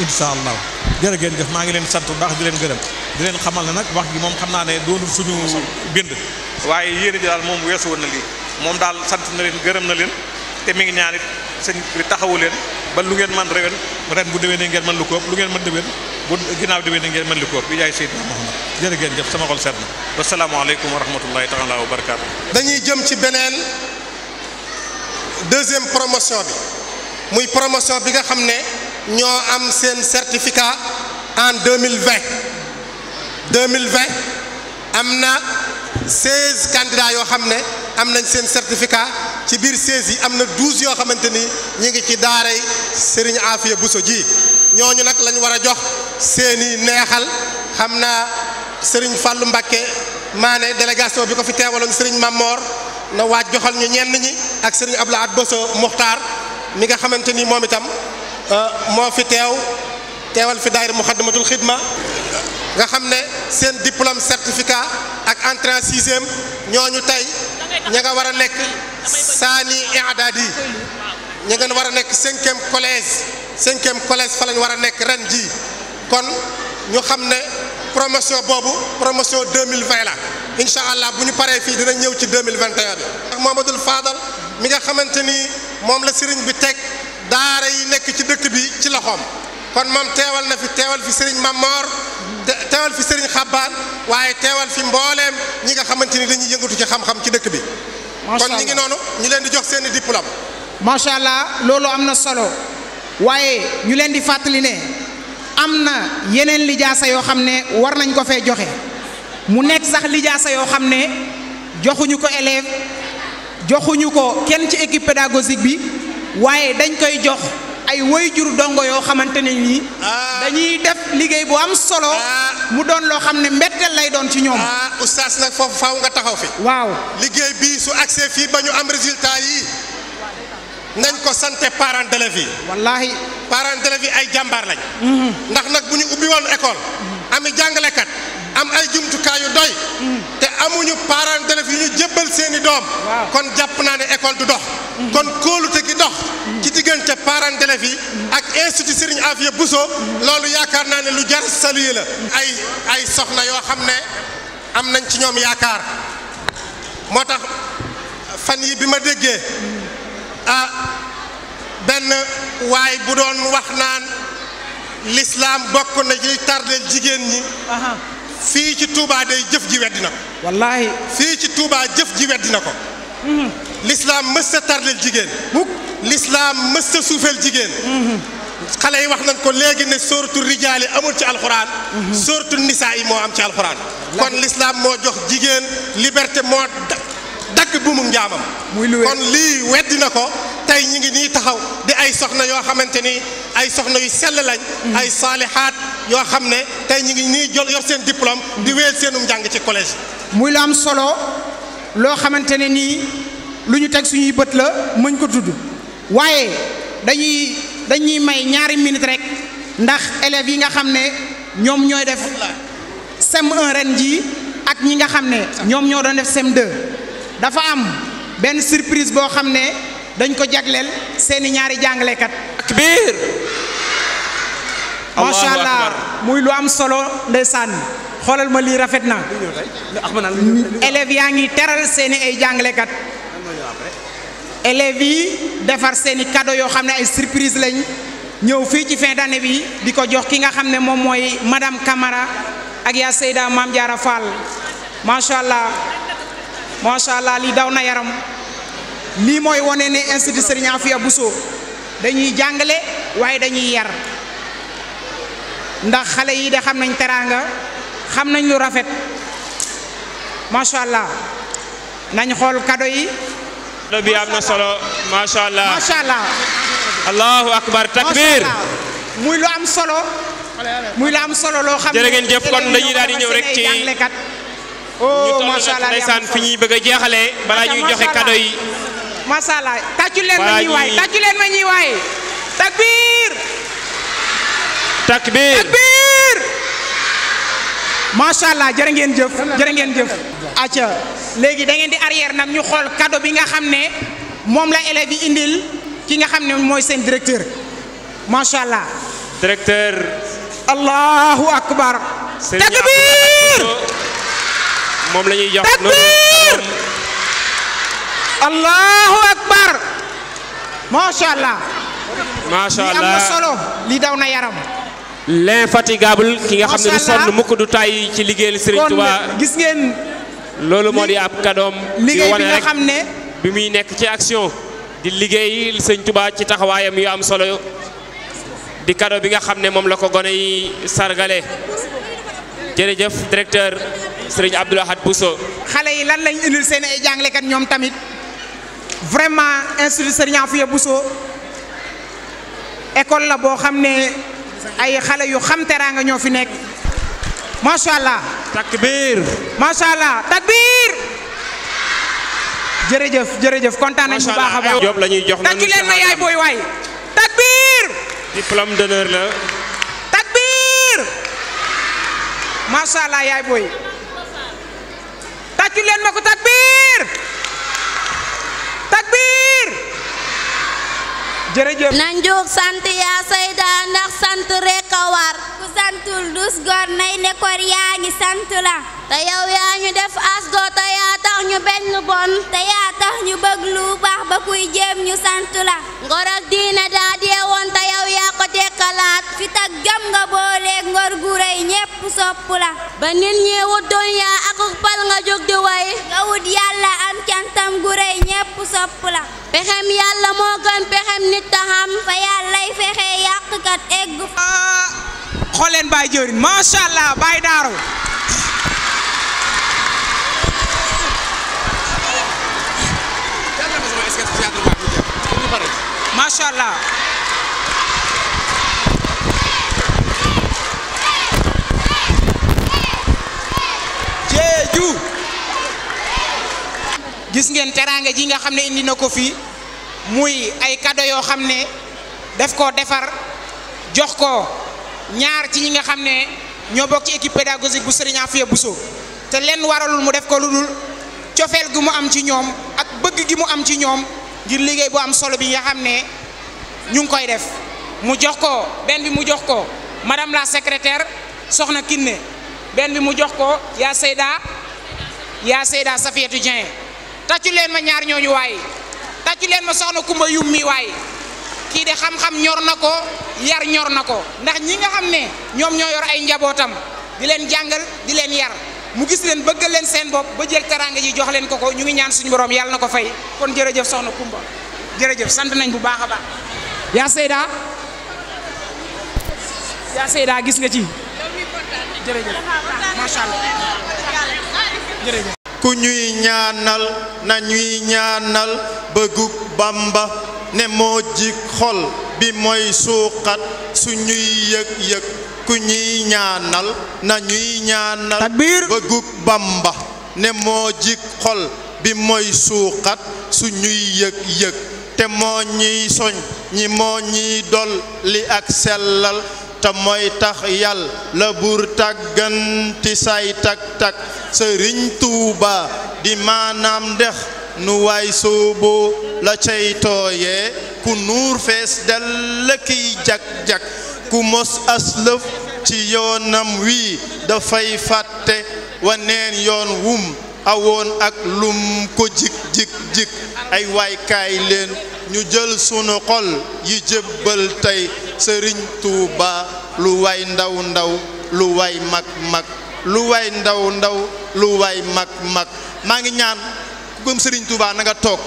incha allah jërë ngeen maa ngi leen sant bu baax di leen gërëm di leen xamal na nag wax gi moom xam naa ne doonul suñu bind waaye yéene ji daal moom weesu woon na lii moom daal sant na leen gërëm na leen te mi ngi ñaan it sëñ taxawu leen ba lu ngeen man rewen ren bu déwénee ngeen mën lu kóob lu ngeen man déwén bu ginnaaw déwénee ngeen mën lu kóob bi yaay Seydina Muhammad jërë ngeen jëf sama xol seet na wasalaamaaleykum wa rahmatullahi taala wa barakaatu dañuy jëm ci beneen deuxième promotion bi muy promotion bi nga xam ne ñoo am seen certificat en 2020 2020 am na 16 candidats yoo xam ne am nañ seen certificat ci biir 16 yi am na 12 yoo xamante ni ñu ngi ci daaray Serigne Afia Bousso ji ñooñu nag lañ war a jox seeni neexal xam na sëriñ fàllu Mbacké maa ne délégation bi ko fi teewaloon Serigne Mamor na waaj joxal ñu ñenn ñi ak Serigne Abdou Lahad Bousso Muxtaar mi nga xamante ni moom itam euh, moo fi teew teewal fi daayira Muxaddamatul Xidma nga xam ne seen diplôme certificat ak entrée en sixième ñooñu tey ña nga war a nekk saani i'dadi ña nga war a nekk cinquième collège cinquième collège fa lañ war a nekk ren ji kon ñu xam ne promotion boobu promotion 2020 la incha allah bu ñu paree fii dina ñëw ci 2021 bi ak Mamadou Fadal mi nga xamante ni moom la sëriñ bi teg daara yi nekk ci dëkk bi ci loxoom kon moom teewal na fi teewal fi sëriñ Mamor teewal fi sëriñ xabbaan waaye teewal fi mbooleem ñi nga xamante ni dañuy yëngatu ci xam-xam ci dëkk bi kon ñi ngi noonu ñu leen di jox seeni diplôme macha allah loolu am na solo waaye ñu leen di fàttali ne am na yeneen lijaasa yoo xam ne war nañ ko fee joxe mu nekk sax lijaasa yoo xam ne joxuñu ko élève joxuñu ko kenn ci équipe pédagogique bi waaye dañ koy jox ay woy jur dongo yoo xamante ne ah. dañuy def liggéey bu am solo. Ah. mu doon loo xam ne mbetteel lay doon ci ñoom. ah oustaz nag foofu faw nga taxaw fi. waaw liggéey bii su accès fii ba ñu am résultat yi nañ ko sante parent d'élèves yi. wallaahi parents d'élèves yi ay jàmbaar lañ. Mhm. ndax nag bu ñu ubbi woon école. am mhm. ami jàngalekat. am ay jumtukaay yu doy te amuñu parent d'élève yu ñu jébbal seeni doom kon jàpp naa ne école du dox kon kóolute gi dox ci diggante parent d'élève yi ak institut Serigne Afia Bousso loolu yaakaar naa ne lu jar saluer la ay ay soxna yoo xam ne am nañ ci ñoom yaakaar moo tax fan yi bi ma déggee ah benn waay bu doon wax naan lislaam bokk na ci tardel jigéen ñi fii ci Touba day jëf ji weddi na ko. wallaahi. fii ci Touba jëf ji weddi na ko. Mhm. lislaam mës a jigéen. mukk lislaam mës a suufeel jigéen. Mhm. xale yi wax nañ ko léegi ne sóoratu rijaal yi amul ci alxuraan. Mhm. sóoratu nisaa yi moo am ci alxuraan. kon lislaam moo jox jigéen liberté moo dagg buumum njaamam kon lii weddi na ko tey ñi ngi nii taxaw di ay soxna yoo xamante ni ay soxna yu sell lañ mm-hmm. ay saalihaat yoo xam ne tey ñi ngi nii jol yor seen diplôme di wéyal seenu njàng ci collège muy la am solo loo xamante ne nii lu ñu teg suñuy bët la mëñ ko tudd waaye dañuy dañuy may ñaari minute rek ndax élèves yi nga xam ne ñoom ñooy def sem 1 jii ak ñi nga xam ne ñoom ñoo doon def sem 2 dafa am benn surprise boo xam ne dañ ko jagleel seeni ñaari jàngalekat. akbir. macha allah muy lu am solo ndeysaan xoolal ma lii rafet na. élèves yaa ngi teral seeni ay jàngalekat. élèves yi defar seeni kado yoo xam ne ay surprise lañ ñëw fii ci fin d'année bi di ko jox ki nga xam ne moom mooy madame Camara ak yaa Seyda Mame Diarra Fall macha allah. macha allah lii daw na yaram lii mooy wane ne institut Serigne Afia Bousso dañuy jàngale waaye dañuy yar ndax xale yi de xam nañ teraanga xam nañ lu rafet macha allah nañ xool kado yi. kado bi na solo macha allah macha allah. allahu akbar takbir muy lu am solo. muy lu am solo loo xam ne jërë ngeen jëf kon dañuy daal di ñëw rek ci. oh macha allah ñu toll fi ñuy bëgg a jeexalee. balaa ñuy joxe kado yi. macha allah tàccu leen ma ñuy waay tàccu leen ma ñuy waay. takbir. takbir allah jërë ngeen jëf jërë ngeen jëf. acca léegi da ngeen di arrière nag ñu xool kado bi nga xam ne moom la élèves yi indil ki nga xam ne mooy seen directeur macha allah. directeur. allahu akbar. takbir. moom lañuy ñuy jox takbir allahu akbar macha allah. macha allah am na solo li daw na yaram. l'infatigable ki nga xam ne du sonn mukk du tàyyi ci liggéeyal Serigne Touba gis ngeen. loolu moo di ab kadoom. liggéey bi nga xam ne bi muy nekk ci action. di liggéey Serigne Touba ci taxawaayam yu am solo di kado bi nga xam ne moom la ko gone yi sargale. jërëjëf directeur sëriñ Abdou Lahad Bousso. xale yi lan lañ indil seen ay jàngalekat ñoom tamit vraiment institut sëriñ Afia Bousso école la boo xam ne ay xale yu xam teraanga ñoo fi nekk macha allah. takbir. macha allah takbir. jërëjëf jërëjëf kontaan nañu baax a baax. macha la ñuy jox. ma yaay booy waay. takbir. diplôme d'honneur la. macha allah yaay booy tàccu leen ma ko takbir takbir jërëjëf nañ jóg sant yaa sayda ndax sant rek a war ku santul dus gor nay ne kor yaa ngi sant la te yow yaa ñu def asgo te tax ñu bañ lu bon te tax ñu bëgg lu baax ba kuy jéem ñu sant la ngor ak diine daa yaa ko tekkalaat fit ak gëm nga booleeg ngor gu rëy ñépp sopp la ba nit ñi wut dunya ak pal nga jóg di way nga yàlla am cantam gu rëy ñépp sopp la pexem yàlla moo gën pexem nit taxam fa yàllay fexe yàqkat egg ah, xooleen baay jëwriñ macha baay daaru ba allah. jeeju. gis ngeen teraange ji nga xam ne indi na ko fii muy ay cadeau yoo xam ne def koo defar jox ko ñaar ci ñi nga xam ne ñoo bokk ci équipe pédagogique bu Serigne Afia Bousso te leen waralul mu def ko lu dul cofeel gi mu am ci ñoom ak bëgg gi mu am ci ñoom. ngir liggéey bu am solo bi nga xam ne ñu koy def mu jox ko benn bi mu jox ko madame la secrétaire soxna Kiné benn bi mu jox ko yaa Seyda yaa Seyda Safiatou Dieng tàccu leen ma ñaar ñooñu waaye tàccu leen ma soxna Kumba Yummi waaye kii de xam-xam ñor na ko yar ñor na ko ndax ñi nga xam ne ñoom ñoo yor ay njabootam di leen jàngal di leen yar mu gis leen bëggal leen seen bopp ba jël teraanga ji jox leen ko ko ñu ngi ñaan suñu borom yàlla ko fay kon jërëjëf soxna Kumba jërëjëf sant nañ bu baax a baax. gis nga ci jërëjëf macha allah jërëjëf. ku ñuy ñaanal na ñuy ñaanal bëggug Bamba ne moo jik xol bi mooy suuxat suñuy yëg-yëg. ku ñuy ñaanal na ñuy ñaanal takbir Bamba ne moo jik xol bi mooy suuxat su ñuy yëg-yëg te moo ñuy soñ ñi moo ñuy dol ak sellal te mooy tax yàlla la buur tàgganti say tak-tak sëriñ Tuuba di maanaam ndex nu waay soobo la cay tooyee ku nuur fees dell kiy jag-jag ku mos aslëf ci yoonam wii dafay fàtte waneen yoon wum awoon ak lum ko jik jik jik ay waaykaay leen ñu jël sunu xol yi jébbal tey sëriñ Tuuba lu waay ndaw ndaw lu waay mag mag lu waay ndaw ndaw lu waay mag mag maa ngi ñaan ku gëm sëriñ Tuuba na nga toog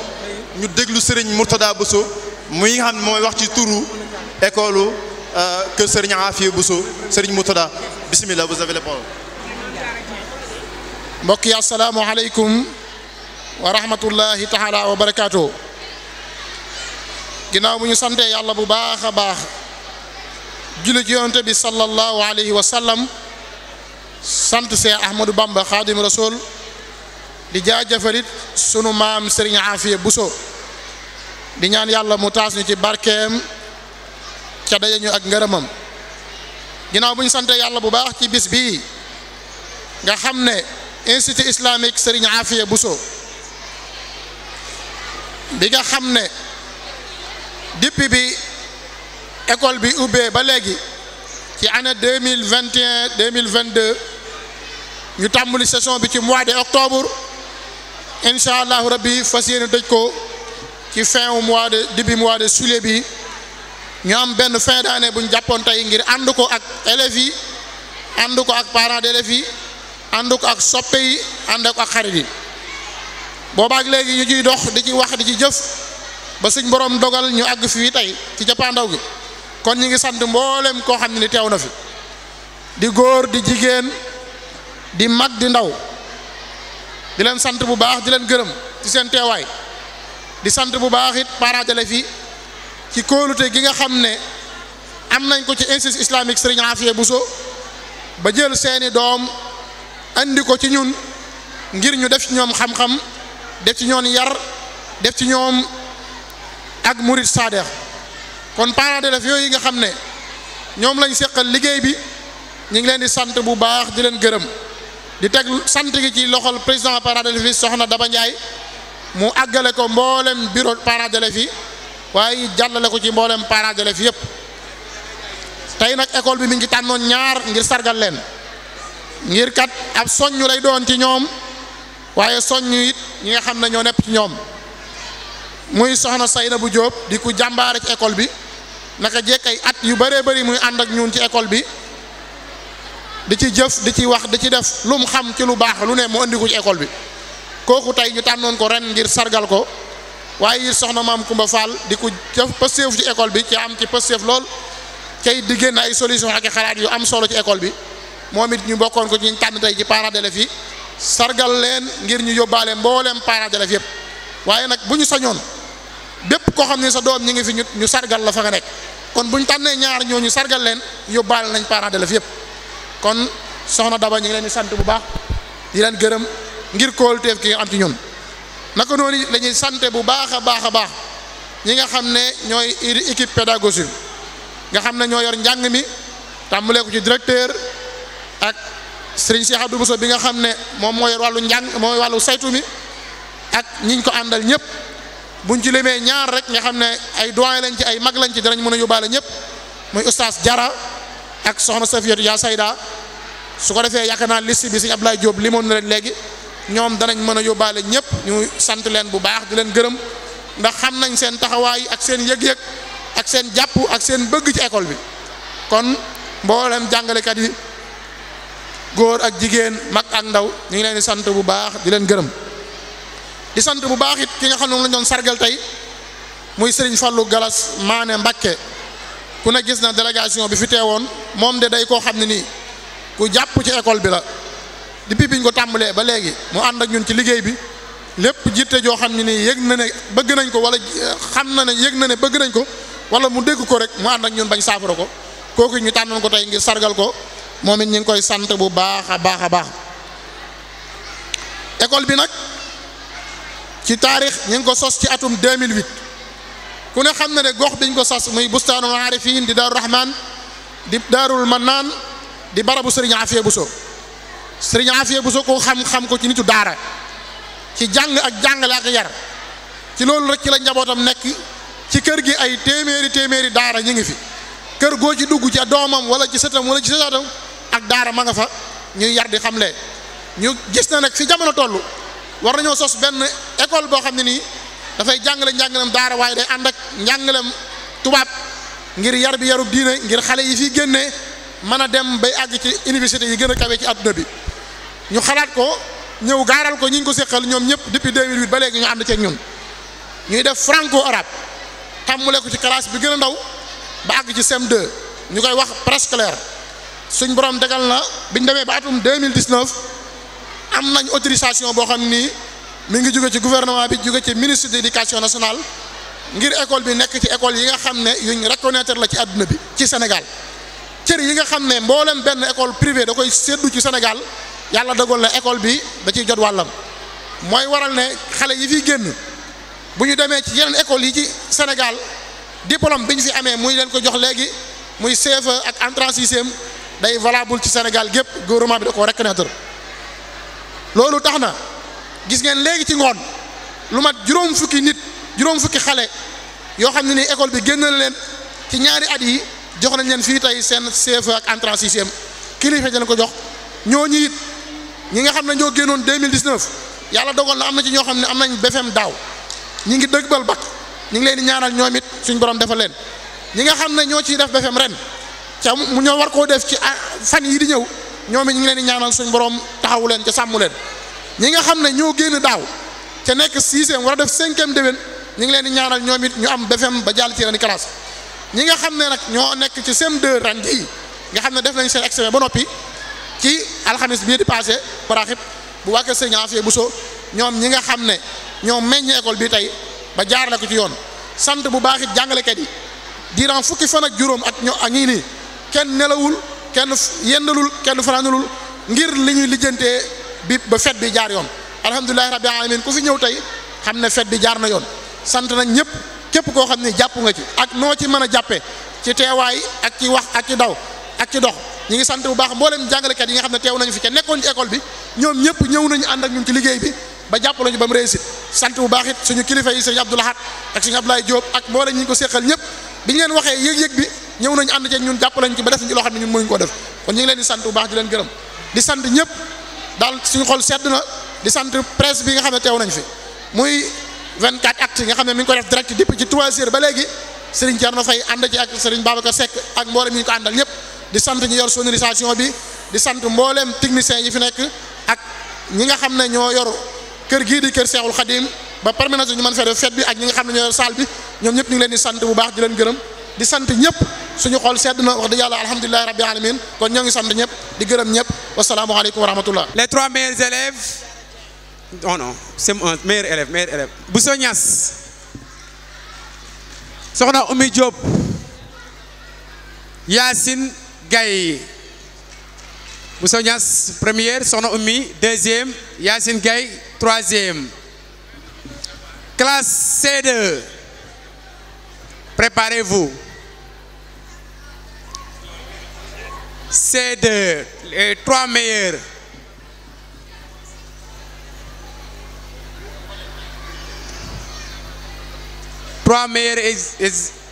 ñu déglu sëriñ Mourtada Bousso muy nga mooy wax ci turu école Euh, que Serigne Afia Bousso Serigne Moutada bismillah vous avez la parole mbokk yi asalaamaaleykum wa rahmatullahi taala wa barakaatu ginnaaw bu ñu sante yàlla bu baax a baax julli ci bi sallallahu alayhi wa sallam sant Seex Ahmadou Bamba xaadim rasul di jaajëfalit sunu maam Serigne Afia Bousso di ñaan yàlla mu taas ñu ci barkeem ca daje ñu ak ngërëmam ginnaaw buñu ñu sante yàlla bu baax ci bis bii nga xam ne institut islamique Serigne Afia Bousso bi nga xam ne depuis bi école bi ubbee ba léegi ci année deux mille vingt et deux mille vingt deux ñu tàmbali session bi ci mois de octobre incha allahu rabbi fas dëj ko ci fin mois de début mois de juillet bi. ñu am benn fin d'année bu ñu jàppoon tey ngir ànd ko ak élèves yi ànd ko ak parents d'élèves yi ànd ko ak soppe yi ànd ko ak xarit yi boobaak léegi ñu ciy dox di ci wax di ci jëf ba suñ boroom dogal ñu àgg fii tey ci cappaandaw gi kon ñu ngi sant mboolem koo xam ne ni teew na fi di góor di jigéen di mag di ndaw di leen sant bu baax di leen gërëm ci seen teewaay di sant bu baax it parents yi ci kóolute gi nga xam ne am nañ ko ci institut islamique Serigne Afia so ba jël seeni doom indi ko ci ñun ngir ñu def ci ñoom xam-xam def ci ñoom yar def ci ñoom ak murid sadex kon parents d'élèves yooyu nga xam ne ñoom lañ seqal liggéey bi ñu ngi leen di sant bu baax di leen gërëm di teg sant gi ci loxol président parents d'élèves yi soxna Daba Ndiaye mu àggale ko mboolem bureau parents d'élèves yi waaye jàllale ko ci mboolem parents d'élèves yëpp tey nag école bi mi ngi tànnoon ñaar ngir sargal leen ngir kat ab soññu lay doon ci ñoom waaye soññu it ñi nga xam nañoo ñoo nepp ci ñoom muy soxna say na bu Jóob di ku jàmbaare ci école bi naka jekk ay at yu bëree bari muy ànd ak ñun ci école bi di ci jëf di ci wax di ci def lu mu xam ci lu baax lu ne mu andi ko ci école bi kooku tey ñu tànnoon ko ren ngir sargal ko waaye it soxna maam Kumba Fall di ko def pësteef ci école bi ci am ci pësteef lool cay di génn ay solution ak xalaat yu am solo ci école bi moom it ñu bokkoon ko ci ñu tànn tey ci parents d'élèves yi sargal leen ngir ñu yóbbaale mbooleem parents d'élèves yëpp waaye nag bu ñu sañoon bépp koo xam ne sa doom ñu ngi fi ñu ñu sargal la fa nga nekk kon bu ñu tànnee ñaar ñoo ñu sargal leen yóbbaale nañ parents d'élèves yëpp kon soxna Daba ñu ngi leen di sant bu baax di leen gërëm ngir kóoluteef ki nga am ci ñun. naka noonu lañuy ñuy bu baax a baax a baax ñi nga xam ne ñooy équipe pédagogique nga xam ne ñoo yor njàng mi tàmbalee ko ci directeur ak sëriñ Cheikh Abdou Bousso bi nga xam ne moom mooy yor wàllu njàng mooy wàllu saytu mi ak ñiñ ko àndal ñëpp buñ ci limee ñaar rek nga xam ne ay doyen lañ ci ay mag lañ ci danañ mën a yóbbaale ñëpp mooy oustaz Jara ak soxna Safiyatu yaa sayda su ko defee yaakaar naa liste bi sëñ Abdoulaye Diop limoon na leen léegi. ñoom danañ mën a yóbbaale ñëpp ñu sant leen bu baax di leen gërëm ndax xam nañ seen taxawaay ak seen yëg-yëg ak seen jàpp ak seen bëgg ci école bi kon mboolem jàngalekat yi góor ak jigéen mag ak ndaw ñu ngi leen di sant bu baax di leen gërëm di sant bu baax it ki nga xam ne moom lañ doon sargal tey muy Serigne Fallou Galas Mané Mbacké ku ne gis na délégation bi fi teewoon moom de day koo xam ne nii ku jàpp ci école bi la. depuis biñ ko tàmbalee ba léegi mu ànd ak ñun ci liggéey bi lépp jiite joo xam ne nii yëg na ne bëgg nañ ko wala xam na ne yëg na ne bëgg nañ ko wala mu dégg ko rek mu ànd ak ñun bañ saafara ko kooku ñu tànnoon ko tey ngir sargal ko moom it ñu ngi koy sant bu baax a baax a baax école bi nag ci taarix ñu ngi ko sos ci atum 2008 ku ne xam na ne gox biñ ko sos muy bustaanul aarifiin di daaru rahman di daarul naan di barabu sëriñ bu Bousso sëriñ bu Bousso ko xam xam ko ci nitu daara ci jàng ak jàngale ak yar ci loolu rek ci la njabootam nekk ci kër gi ay téeméeri téeméeri daara ñu ngi fi kër goo ci dugg ca doomam wala ci sëtam wala ci sëtaatam ak daara ma nga fa ñuy yar di xamle ñu gis na nag fi jamono toll war nañoo sos benn école boo xam ne nii dafay jàngale njàngalem daara waaye day ànd ak njàngalem tubaab ngir yar bi yarub diine ngir xale yi fiy génne mën a dem bay àgg ci université yi gën a kawe ci adduna ñu xalaat ko ñëw gaaral ko ñi ñu ko séqal ñoom ñëpp depuis 2008 ba léegi ñu ànd ceeg ñun ñuy def franco arabe tàmmule ko ci classe bi gën a ndaw ba àgg ci cm de ñu koy wax presque préscolaire suñ borom degal na biñ demee ba atum 2019 am nañ autorisation boo xam ni mi ngi jóge ci gouvernement bi jóge ci ministre de l'éducation nationale ngir école bi nekk ci école yi nga xam ne yuñ reconnaître la ci àdduna bi ci Sénégal cër yi nga xam ne mboolem benn école privée da koy séddu ci Sénégal yàlla dogal na école bi da ciy jot wàllam mooy waral ne xale yi fi génn bu ñu demee ci yeneen école yi ci Sénégal diplôme bi ñu fi amee muy leen ko jox léegi muy CFE ak entrée sixième day valable ci Sénégal gépp gouvernement bi da koo reconnaître loolu tax na gis ngeen léegi ci ngoon lu mat juróom fukki nit juróom fukki xale yoo xam ne ni école bi génn na leen ci ñaari at yi jox nañ leen fii tey seen CFE ak entrée sixième kilifa dañ ko jox ñooñu ñi nga xam ne ñoo génnoon 2019 yàlla dogal na am na ci ñoo xam ne am nañ BFEM daaw ñi ngi dëgbal bac ñi ngi leen di ñaanal ñoom it suñ borom defal leen ñi nga xam ne ñoo ciy def BFEM ren ca mu ñoo war koo def ci ah, fan yi di ñëw ñoom it ñi ngi leen di ñaanal suñ borom taxawu leen ca sàmm leen ñi nga xam ne ñoo génn daaw ca nekk sixième war a def cinquième déwén ñi ngi leen di ñaanal ñoom it ñu am BFEM ba jàll ci ren classe ñi nga xam ne nag ñoo nekk ci CM2 ren nga xam ne def nañ seen examen ba noppi ci alxamis bii di passé paraxib bu wàkkee sëñ bu Bousso ñoom ñi nga xam ne ñoom meññ école bi tey ba jaar la ko ci yoon sant bu baaxit jàngaleket yi diiran fukki fan ak juróom ak ñoo ak ñii nii kenn nelawul kenn yendalul kenn fanaanulul ngir li ñuy lijjantee bi ba fet bi jaar yoon alhamdulilahi rabbil alamin ku fi ñëw tey xam ne fet bi jaar na yoon sant nañ ñëpp képp koo xam ne jàpp nga ci ak noo ci mën a jàppe ci teewaay ak ci wax ak ci daw ak ci dox ñu ngi sant bu baax mboolem jàngalekat yi nga xam ne teew nañu fi ca nekkoon ci école bi ñoom ñëpp ñëw nañu ànd ak ñun ci liggéey bi ba jàppalañu ba mu sant bu baax it suñu kilifa yi sëñ Abdou Lahad ak suñu Abdoulaye Diop ak mboolem ñi ko séqal ñëpp bi ñu leen waxee yëg ñun jàppalañ ci ba def ci loo xam ne ñun mënuñu ñu ngi leen di sant bu baax di leen gërëm di sant ñëpp daal suñu xol sedd na di sant presse bi nga xam ne teew nañ fi muy 24 actu nga xam ne mi ko def direct depuis ci 3 heures ba léegi Serigne Thierno Faye ànd ci ak mboolem ñu ko àndal ñëpp di sant ñi yor sonorisation bi di sant mbooleem techniciens yi fi nekk ak ñi nga xam ne ñoo yor kër gii di kër Seexul Xadim ba permanence ñu mën fee def fête bi ak ñi nga xam ne ñoo yor salle bi ñoom ñëpp ñu ngi leen di sant bu baax di leen gërëm di sant ñëpp suñu xool sedd na wax dëgg yàlla alhamdulilahi rabbil alamin kon ñoo ngi sant ñëpp di gërëm ñëpp wasalaamu aleykum wa rahmatullah les trois meilleurs élèves oh non c'est un meilleur élève meilleur Soxna Oumy Diop Yacine Gaye Bousso première Soxna Oumy deuxième Yacine Gaye troisième classe C2 préparez-vous C2 les trois meilleurs trois meilleurs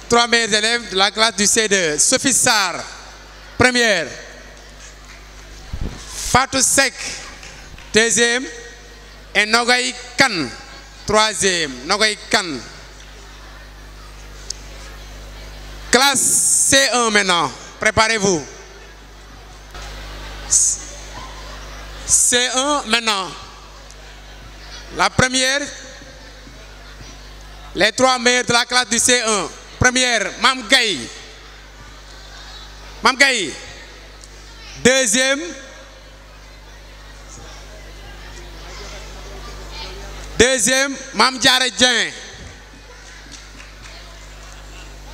trois élèves de la classe du C2 Sophie première Fatou Seck deuxième et Nogay Kane troisième Nogay Kane classe C1 maintenant préparez-vous C1 maintenant la première les trois meilleurs de la classe du C1 première Mam Gaye Mame Gaye deuxième deuxième Mame Diarra Dieng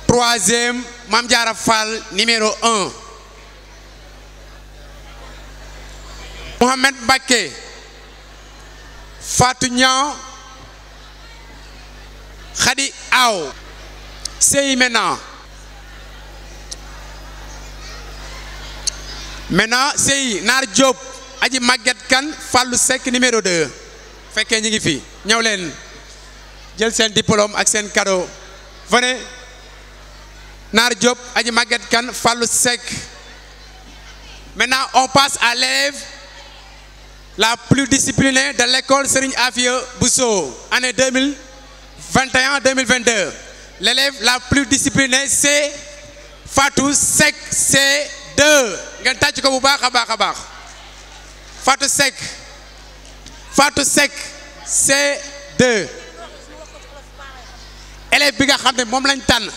troisième Mame Diarra Fall numéro un Mohamed Mbacké Fatou Niang Khady Aw Sey Mena maintenant sëy naar Diop aji màgget kan Fallou Seck numéro 2 fekkee ñi ngi fi ñëw leen jël seen diplôme ak seen cadeau venez naar Diop aji màgget kan Fallou Seck maintenant on passe à l'élève la plus disciplinée de l'école Serigne Afia Bousso année 2021 2022 l'élève la plus disciplinée c'est Fatou Seck c'est deux ngeen tàcc ko bu baax a baax a baax Fatou Seck Fatou Seck C2 élève bi nga xam ne moom lañ tànn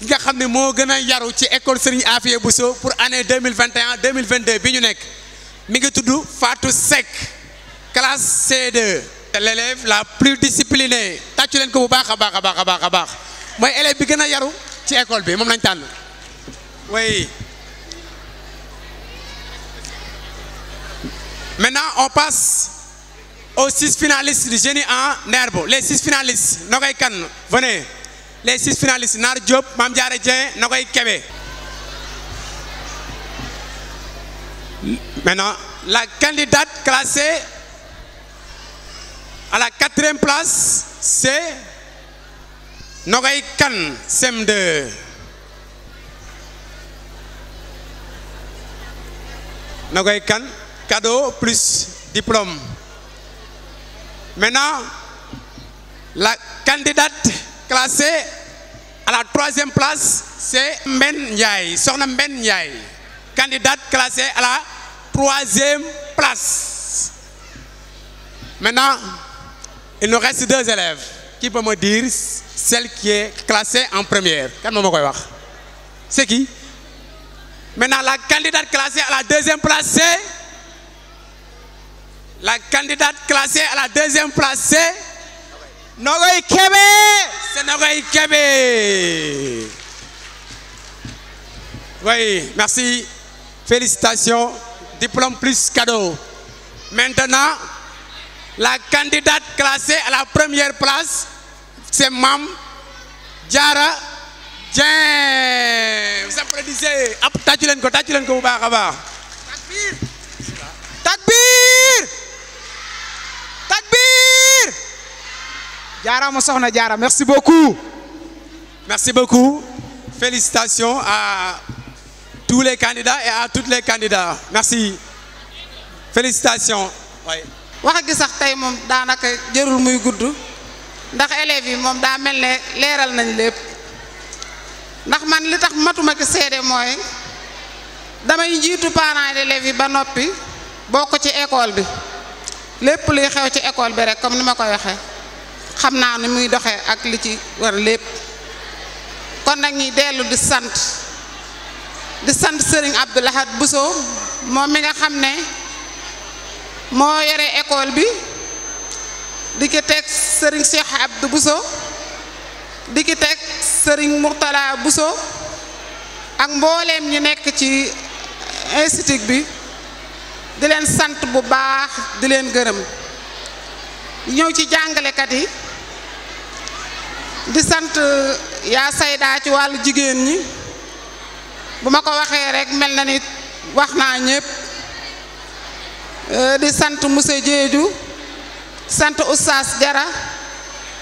ki nga xam ne moo gën a yaru ci école Serigne Afia Bousso pour année 2021 2022 bi ñu nekk mi ngi tudd faatu Seck classe C2 te l'élève la plus disciplinée tàccu leen ko bu baax a baax a baax a baax a baax mooy élève bi gën a yaru ci école bi moom lañ tànn oui Maintenant, on passe aux six finalistes du génie en herbe. Les six finalistes, Nogay Kan, venez. Les six finalistes, Nar Diop, Mam Dien, Nogay Kebe. la candidate classée à la quatrième place, c'est Nogay Kan, SEM2. Nogay Kan, cadeau plus diplôme. Maintenant, la candidate classée à la troisième place, c'est Mben Ndiaye, Sorna Mben Ndiaye, candidate classée à la troisième place. Maintenant, il nous reste deux élèves. Qui peut me dire celle qui est classée en première C'est qui Maintenant, la candidate classée à la deuxième place, c'est... La candidate classée à la deuxième place, c'est Nogoy Kebe. C'est Nogoy Kebe. Oui, Diplôme plus cadeau. Maintenant, la candidate classée à la première place, c'est Mam Diara Dien. Vous applaudissez. Tâchez-le, tâchez-le, vous jaaraama soxna jaara merci beaucoup merci beaucoup félicitations à tous les candidats et à toutes les candidats merci félicitations waay wax gi sax tey moom daanaka jërul muy gudd ndax élèves yi moom daa mel ne leeral nañ lépp ndax man li tax matuma ki seede mooy damay jiitu parents d'élèves yi ba noppi bokk ci école bi lépp luy xew ci école bi rek comme ni ma koy waxee xam naa ni muy doxee ak li ci war lépp kon nag ñi dellu di sant di sant sëriñ Abdou Lahad buso moom mi nga xam ne moo yore école bi di ki teg Serigne Cheikh Abdou Bousso di ki teg Serigne Mourtala Bousso ak mbooleem ñi nekk ci institut bi di leen sant bu baax di leen gërëm ñëw ci jàngalekat yi di sant euh, yaa saydaa ci wàllu jigéen ñi bu ma ko waxee rek mel na nit wax naa ñépp euh, di sant monsieur Diédiou sant Oustaz Jara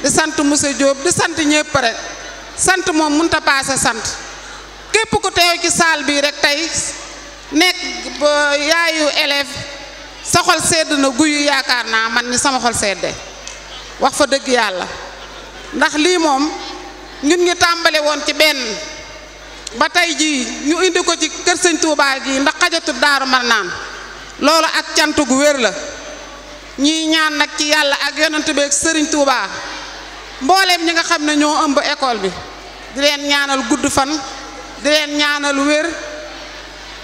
di sant monsieur Diop di sant ñépp rek sant moom mënut a paase sant képp ku teew ci salle bii rek tey nekk yaayu élève sa xol sedd na guyu yaakaar naa man ni sama xol sedde wax fa dëgg yàlla ndax lii moom ñun ñu tàmbali woon ci benn ba tey jii ñu indi ko ci kër sëñ Touba gi ndax xajatul daaru mar naan loolu ak cant gu wér la ñuy ñaan nag ci yàlla ak yonent bi ak sëriñ Touba mbooleem ñi nga xam ne ñoo ëmb école bi di leen ñaanal gudd fan di leen ñaanal wér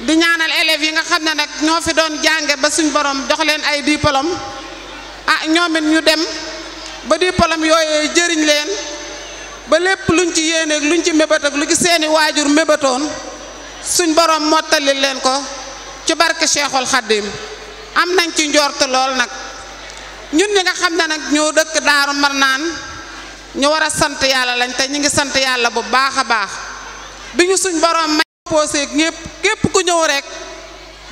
di ñaanal élèves yi nga xam ne nag ñoo fi doon jànge ba suñ borom jox leen ay diplôme ah ñoom ñu dem ba diplôme yooyee jëriñ leen ba lépp luñ ci yéeneeg luñ ci mébét ak lu ci seeni waajur mébétoon suñ borom mottali leen ko ci barke Cheikhul Khadim am nañ ci njort lool nag ñun ñi nga xam ne nag ñoo dëkk Daaru Marnaan ñu war a sant yàlla lañ te ñu ngi sant yàlla bu baax a baax bi ñu suñ borom may composé ñépp képp ku ñëw rek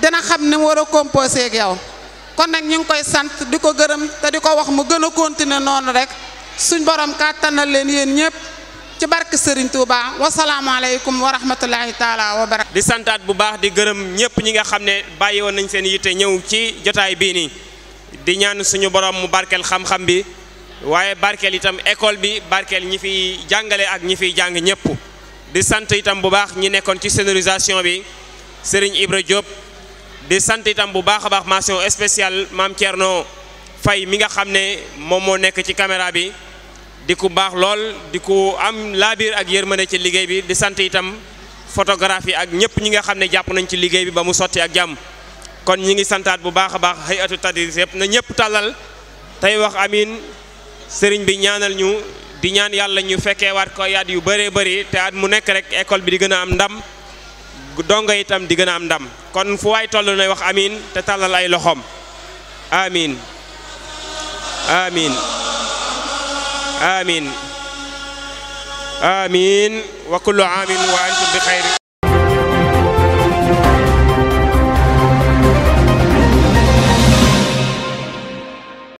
dina xam ne war a composé ak yow kon nag ñu ngi koy sant di ko gërëm te di ko wax mu gën a continuer noonu rek suñ borom kàttanal leen yeen ñëpp ci barke Serigne Touba wasalaamaaleykum wa rahmatulahi taala wa barak di santaat bu baax di gërëm ñëpp ñi nga xam ne bàyyi woon nañ seen yitte ñëw ci jotaay bii nii di ñaan suñu borom mu barkeel xam-xam bi waaye barkeel itam école bi barkeel ñi fiy jàngale ak ñi fiy jàng ñëpp di sant itam bu baax ñi nekkoon ci sonorisation bi Serigne Ibra Diop. di sant itam bu baax a baax mention spéciale maam noo Faye mi nga xam ne moom moo nekk ci caméra bi di ku baax lool di ku am laabiir ak yërmande ci liggéey bi di sant itam photographe ak ñëpp ñi nga xam ne jàpp nañ ci liggéey bi ba mu sotti ak jàmm kon ñi ngi santaat bu baax a baax xëy atu tadris yëpp na ñëpp tàllal tey wax amin sëriñ bi ñaanal ñu di ñaan yàlla ñu fekkee waat ko yaat yu bëree bëri te at mu nekk rek école bi di gën a am ndam dongo itam di gën a am ndam kon fu waay toll nay wax amiin te tàllal ay loxoom amiin amiin amiin amiin wa kullu aamin wa antum bi xayri